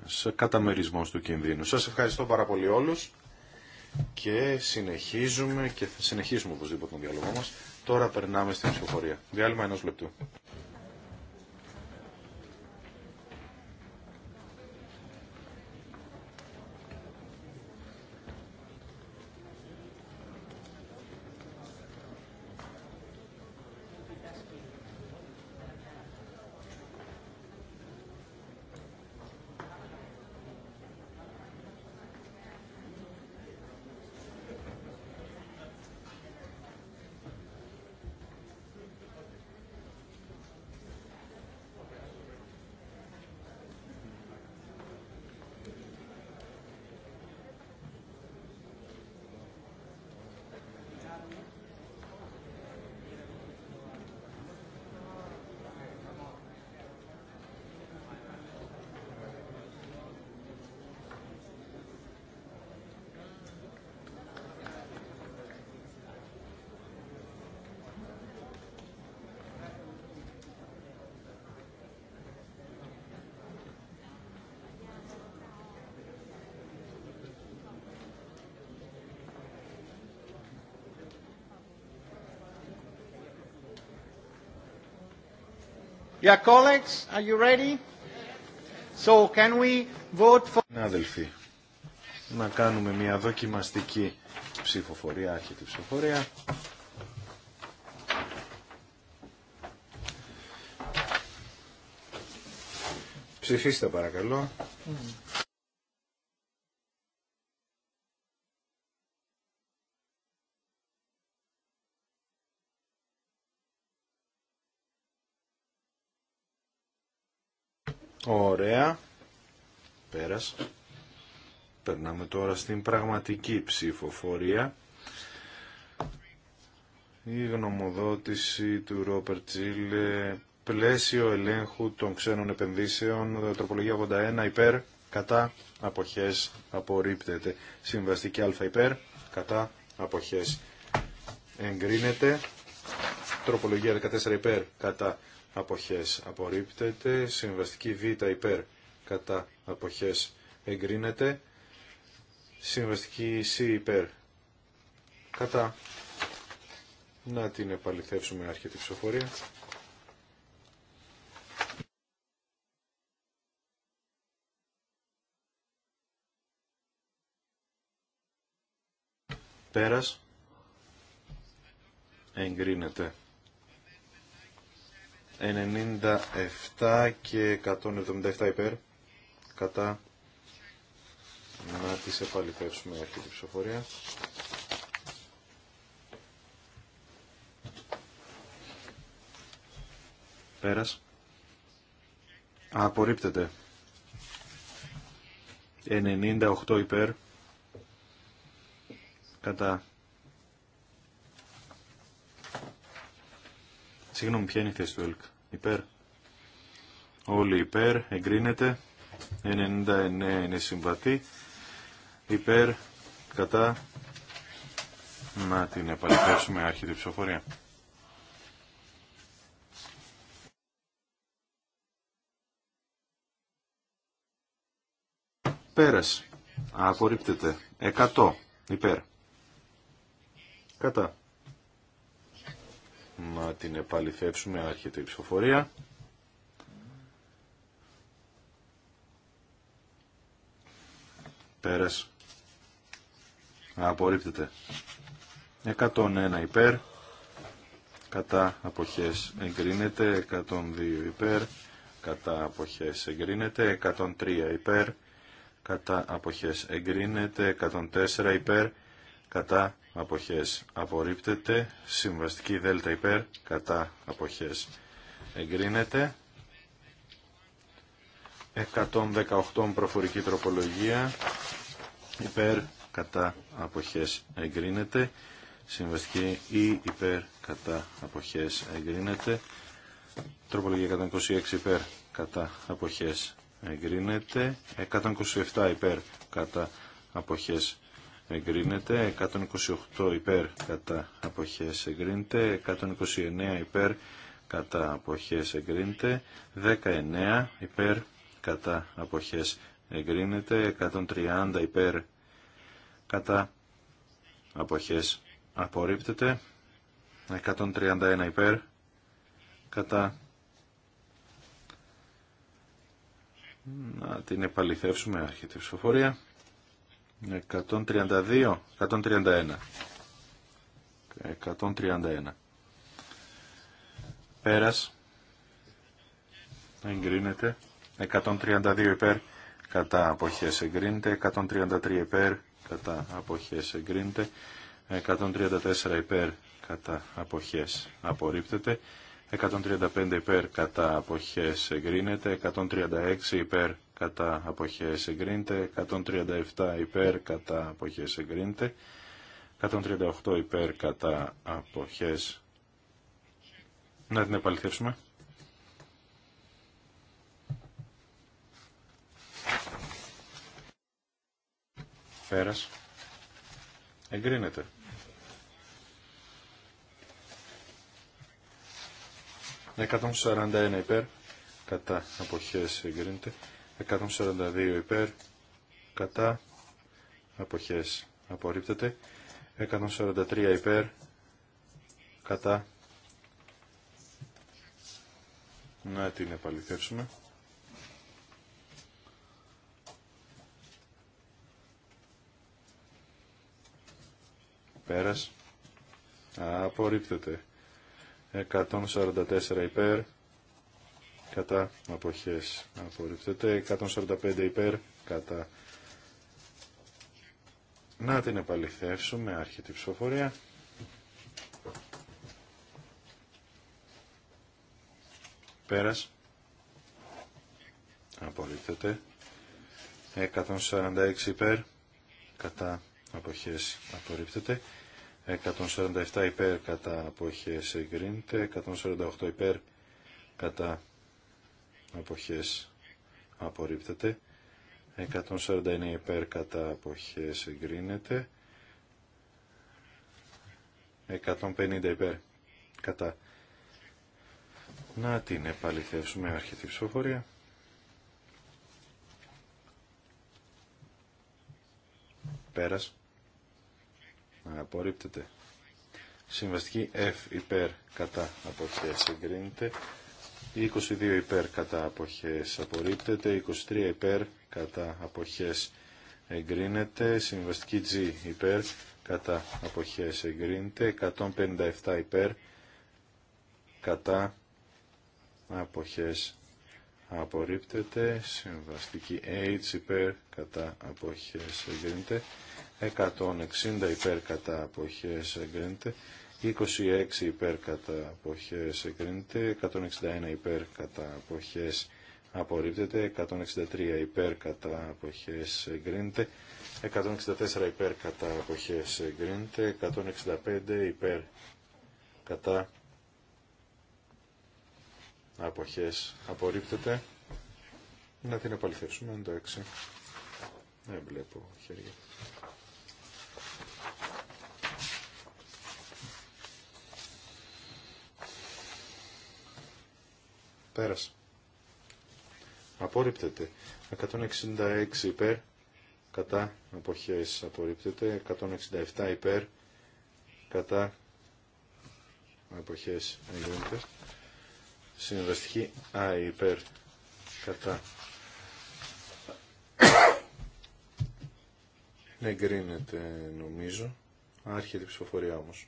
ένας καταμερισμός του κινδύνου. Σας ευχαριστώ πάρα πολύ όλους και συνεχίζουμε και θα συνεχίσουμε οπωσδήποτε τον διάλογό μας. Τώρα περνάμε στην ψηφοφορία. Διάλειμμα ενός λεπτού. Yeah, colleagues, are you ready? So can we vote for... Ναι, αδελφοί, να κάνουμε μια δοκιμαστική ψηφοφορία, άρχεται ψηφοφορία. Ψηφίστε παρακαλώ. Mm. Περνάμε τώρα στην πραγματική ψηφοφορία. Η γνωμοδότηση του Ρόπερτ Τζίλε, πλαίσιο ελέγχου των ξένων επενδύσεων, τροπολογία 81 υπέρ, κατά, αποχές, απορρίπτεται. Συμβαστική α υπέρ, κατά, αποχές, εγκρίνεται. Τροπολογία 14 υπέρ, κατά, αποχές, απορρίπτεται. Συμβαστική β υπέρ, κατά αποχές εγκρίνεται. Συμβαστική C υπέρ κατά να την επαληθεύσουμε αρχιετή ψηφοφορία. Πέρας εγκρίνεται. 97 και 177 υπέρ κατά να τις επαληθεύσουμε για αυτή την ψηφοφορία. Πέρας. Απορρίπτεται. 98 υπέρ. Κατά. Συγγνώμη, ποια είναι η θέση του ΕΛΚ. Υπέρ. Όλοι υπέρ. Εγκρίνεται. 99 είναι συμβατή. Υπέρ, κατά, να την επαληθεύσουμε άρχιτη ψηφοφορία. Πέρασε. Απορρίπτεται. 100. Υπέρ. Κατά. Να την επαληθεύσουμε άρχεται η ψηφοφορία. Πέρες. Απορρίπτεται. 101 υπέρ. Κατά αποχές εγκρίνεται. 102 υπέρ. Κατά αποχές εγκρίνεται. 103 υπέρ. Κατά αποχές εγκρίνεται. 104 υπέρ. Κατά αποχές απορρίπτεται. Συμβαστική δέλτα υπέρ. Κατά αποχές εγκρίνεται. 118 προφορική τροπολογία υπέρ κατά αποχές εγκρίνεται συμβαστική ή e, υπέρ κατά αποχές εγκρίνεται τροπολογία 126 υπέρ κατά αποχές εγκρίνεται 127 υπέρ κατά αποχές εγκρίνεται 128 υπέρ κατά αποχές εγκρίνεται 129 υπέρ κατά αποχές εγκρίνεται 19 υπέρ κατά αποχές εγκρίνεται 130 υπέρ κατά αποχές απορρίπτεται 131 υπέρ κατά να την επαληθεύσουμε άρχεται ψηφοφορία 132 131 131 πέρας εγκρίνεται 132 υπέρ κατά αποχές εγκρίνεται, 133 υπέρ κατά αποχές εγκρίνεται, 134 υπέρ κατά αποχές απορρίπτεται, 135 υπέρ κατά αποχές εγκρίνεται, 136 υπέρ κατά αποχές εγκρίνεται, 137 υπέρ κατά αποχές εγκρίνεται, 138 υπέρ κατά αποχές. Να την επαληθεύσουμε. Εγκρίνεται. 141 υπέρ. Κατά αποχές εγκρίνεται. 142 υπέρ. Κατά αποχές απορρίπτεται. 143 υπέρ. Κατά. Να την επαληθεύσουμε. Πέρας. Απορρίπτεται. 144 υπέρ. Κατά αποχές. Απορρίπτεται. 145 υπέρ. Κατά. Να την επαληθεύσουμε. Άρχεται η ψηφοφορία. Πέρας. Απορρίπτεται. 146 υπέρ. Κατά αποχές. Απορρίπτεται. 147 υπέρ κατά αποχές εγκρίνεται, 148 υπέρ κατά αποχές απορρίπτεται, 149 υπέρ κατά αποχές εγκρίνεται, 150 υπέρ κατά να την επαληθεύσουμε αρχιτή ψηφοφορία. Πέρασε απορρίπτεται. Συμβαστική F υπέρ κατά αποχές εγκρίνεται. 22 υπέρ κατά αποχές απορρίπτεται. 23 υπέρ κατά αποχές εγκρίνεται. Συμβαστική G υπέρ κατά αποχές εγκρίνεται. 157 υπέρ κατά αποχές απορρίπτεται. Συμβαστική H υπέρ κατά αποχές εγκρίνεται. 160 υπέρ κατά αποχές εγκρίνεται, 26 υπέρκατα κατά αποχές εγκρίνεται, 161 υπέρ κατά αποχές απορρίπτεται, 163 υπέρ κατά αποχές εγκρίνεται, 164 υπέρ κατά αποχές εγκρίνεται, 165 υπέρ κατά αποχές απορρίπτεται. Να την επαληθεύσουμε, εντάξει. Δεν βλέπω χέρια. Πέρασε. Απορρίπτεται. 166 υπέρ. Κατά αποχές απορρίπτεται. 167 υπέρ. Κατά αποχές εγκρίνεται. Συνεργαστική Α υπέρ. Κατά. Εγκρίνεται νομίζω. Άρχεται η ψηφοφορία όμως.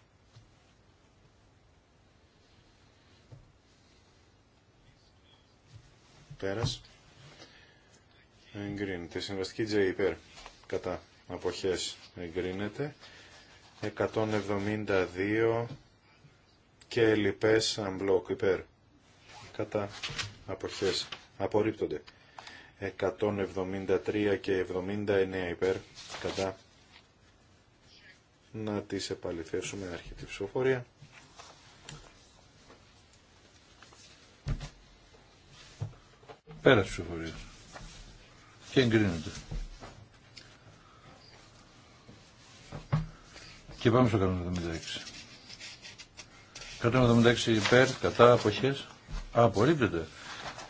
Πέρας. Εγκρίνεται. Συμβαστική J υπέρ. Κατά. Αποχές. Εγκρίνεται. 172 και λοιπές unblock υπέρ. Κατά. Αποχές. Απορρίπτονται. 173 και 79 υπέρ. Κατά. Να τις επαληθεύσουμε. Άρχεται η ψηφοφορία. Πέρα στους ψηφορίες. Και εγκρίνεται. Και πάμε στο 176. 176 υπέρ, κατά, αποχές. Α, απορρίπτεται.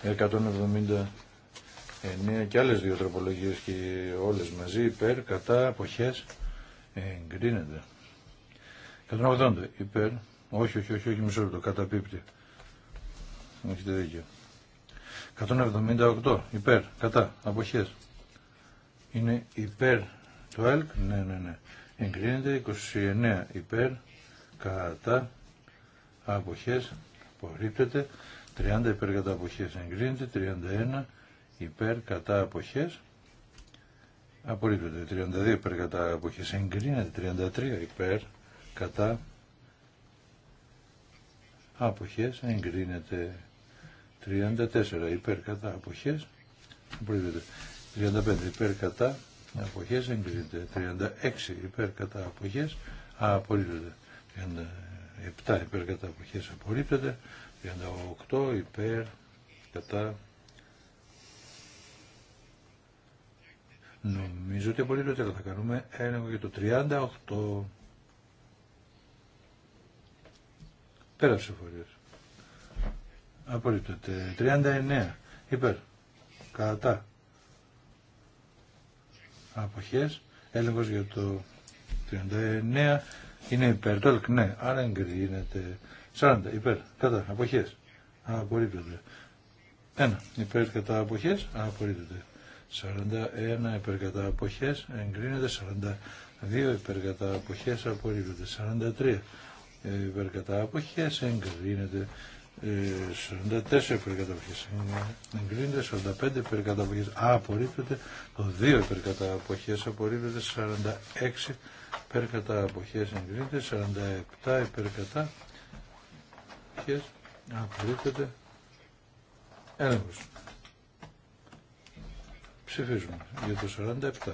179 και άλλες δύο τροπολογίες και όλες μαζί υπέρ, κατά, αποχές. Εγκρίνεται. 180 υπέρ. Όχι, όχι, όχι, όχι μισό λεπτό. Καταπίπτει. Έχετε δίκιο. 178 υπέρ, κατά, αποχές. Είναι υπέρ το ΕΛΚ, ναι, ναι, ναι. Εγκρίνεται 29 υπέρ, κατά, αποχές, απορρίπτεται. 30 υπέρ κατά αποχές εγκρίνεται, 31 υπέρ κατά αποχές απορρίπτεται, 32 υπέρ κατά αποχές εγκρίνεται, 33 υπέρ κατά αποχές εγκρίνεται. 34 υπέρ κατά αποχές 35 υπέρ κατά αποχές εγκρίνεται 36 υπέρ κατά αποχές απορρίπτεται 37 υπέρ κατά αποχές απορρίπτεται 38 υπέρ κατά Νομίζω ότι απολύτω αλλά θα κάνουμε έλεγχο για το 38. ο ψηφορίας. Απορρίπτεται. 39. Υπέρ. Κατά. Αποχές. Έλεγχος για το 39. Είναι υπέρ. Το ΕΛΚ ναι. Άρα εγκρίνεται. 40. Υπέρ. Κατά. Αποχές. Απορρίπτεται. 1. Υπέρ κατά αποχές. Απορρίπτεται. 41 υπέρ κατά αποχές. Εγκρίνεται. 42 υπέρ κατά αποχές. Απορρίπτεται. 43 υπέρ κατά αποχές. Εγκρίνεται. 44 ε, υπερκαταποχές εγκρίνεται, 45 υπερκαταποχές α, απορρίπτεται, το 2 υπερκαταποχές απορρίπτεται, 46 υπερκαταποχές εγκρίνεται, 47 υπερκαταποχές απορρίπτεται, Έλεγχο. Ψηφίζουμε για το 47.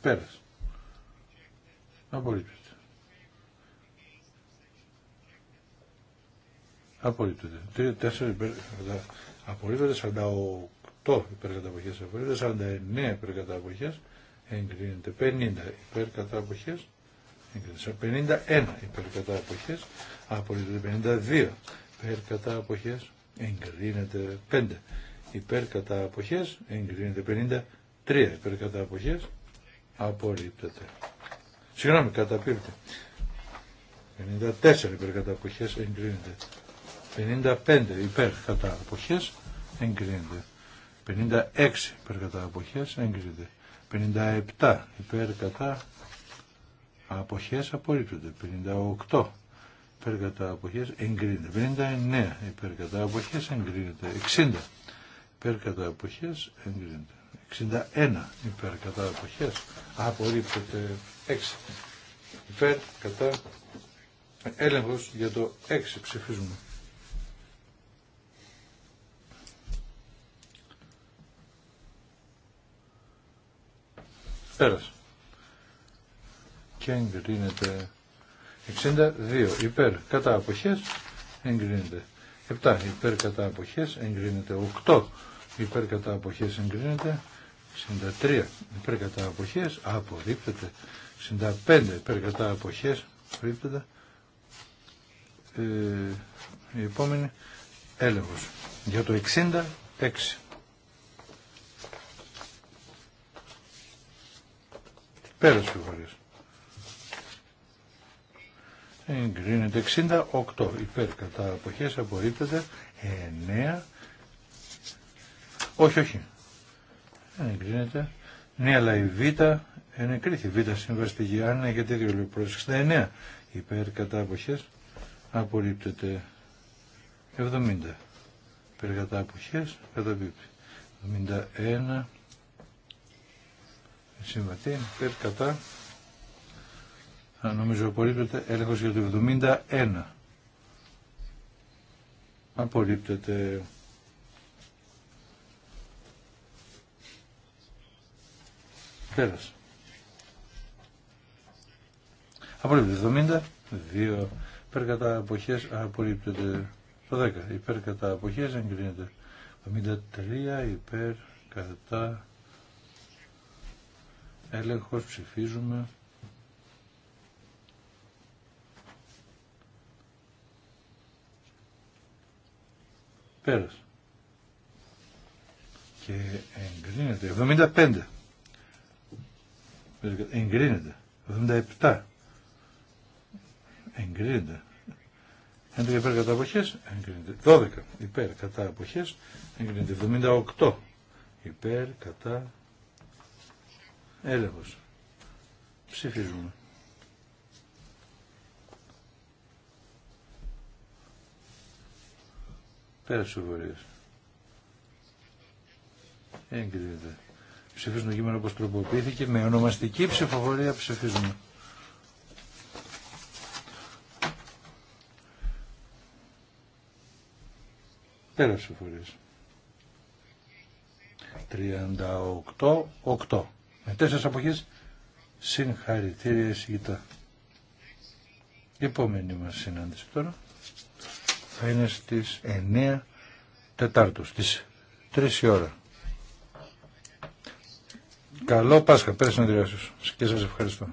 Πέρασε. Απορρίπτεται. Απορρίπτεται. 4 48 υπερκαταποχές. κατά 49 υπερκαταποχές. Εγκρίνεται 50 υπερκαταποχές. Εγκρίνεται 51 υπερκαταποχές. κατά 52 υπερκαταποχές. Εγκρίνεται 5 υπερκαταποχές. Εγκρίνεται 53 υπερκαταποχές. κατά Συγγνώμη, καταπίπτει. 54 υπέρ εγκρίνεται. 55 υπέρ εγκρίνεται. 56 υπέρ εγκρίνεται. 57 υπέρ κατά απορρίπτονται. 58 υπέρ εγκρίνεται. 59 υπέρ εγκρίνεται. 60 υπέρ εγκρίνεται. 61 υπέρ κατά 6. Υπέρ, κατά, έλεγχος για το 6 ψηφίζουμε. Πέρασε. Και εγκρίνεται 62 υπέρ κατά αποχές εγκρίνεται 7 υπέρ κατά αποχές εγκρίνεται 8 υπέρ κατά αποχές εγκρίνεται 63 υπέρ κατά αποχές απορρίπτεται 65 υπέρ κατά αποχές απορρίπτεται ε, η επόμενη έλεγχος για το 66 πέρας φιγορίας εγκρίνεται 68 υπέρ κατά αποχές απορρίπτεται 9 όχι όχι δεν εγκρίνεται. Ναι, αλλά η Β Η Β συμβαστική. Αν είναι γιατί δύο λέει προς 69. Υπέρ κατά αποχές απορρίπτεται. 70. Υπέρ κατά αποχές καταπίπτει. 71. Συμβατή. Υπέρ κατά. Νομίζω απορρίπτεται. Έλεγχος για το 71. Απορρίπτεται. Πέρασε. Απορρίπτεται 72 υπέρ κατά αποχές απορρίπτεται το 10 υπέρ κατά αποχές εγκρίνεται 73 υπέρ κατά έλεγχος ψηφίζουμε Πέρασε. και εγκρίνεται 75 Εγκρίνεται. 77. Εγκρίνεται. 11 υπέρ κατά αποχές, εγκρίνεται. 12 υπέρ κατά αποχές, εγκρίνεται. 78 υπέρ κατά έλεγχος. Ψηφίζουμε. Πέρασε ο βορείος. Εγκρίνεται ψηφίσουμε το κείμενο όπω τροποποιήθηκε. Με ονομαστική ψηφοφορία ψηφίζουμε. Πέρα ψηφοφορίες. 38-8. Με τέσσερις αποχές συγχαρητήρια εισηγητά. Η επόμενη μας συνάντηση τώρα θα είναι στις 9 Τετάρτου, στις 3 η ώρα. Καλό Πάσχα. Πέρασε συνεδριάσεις. Και σας ευχαριστώ.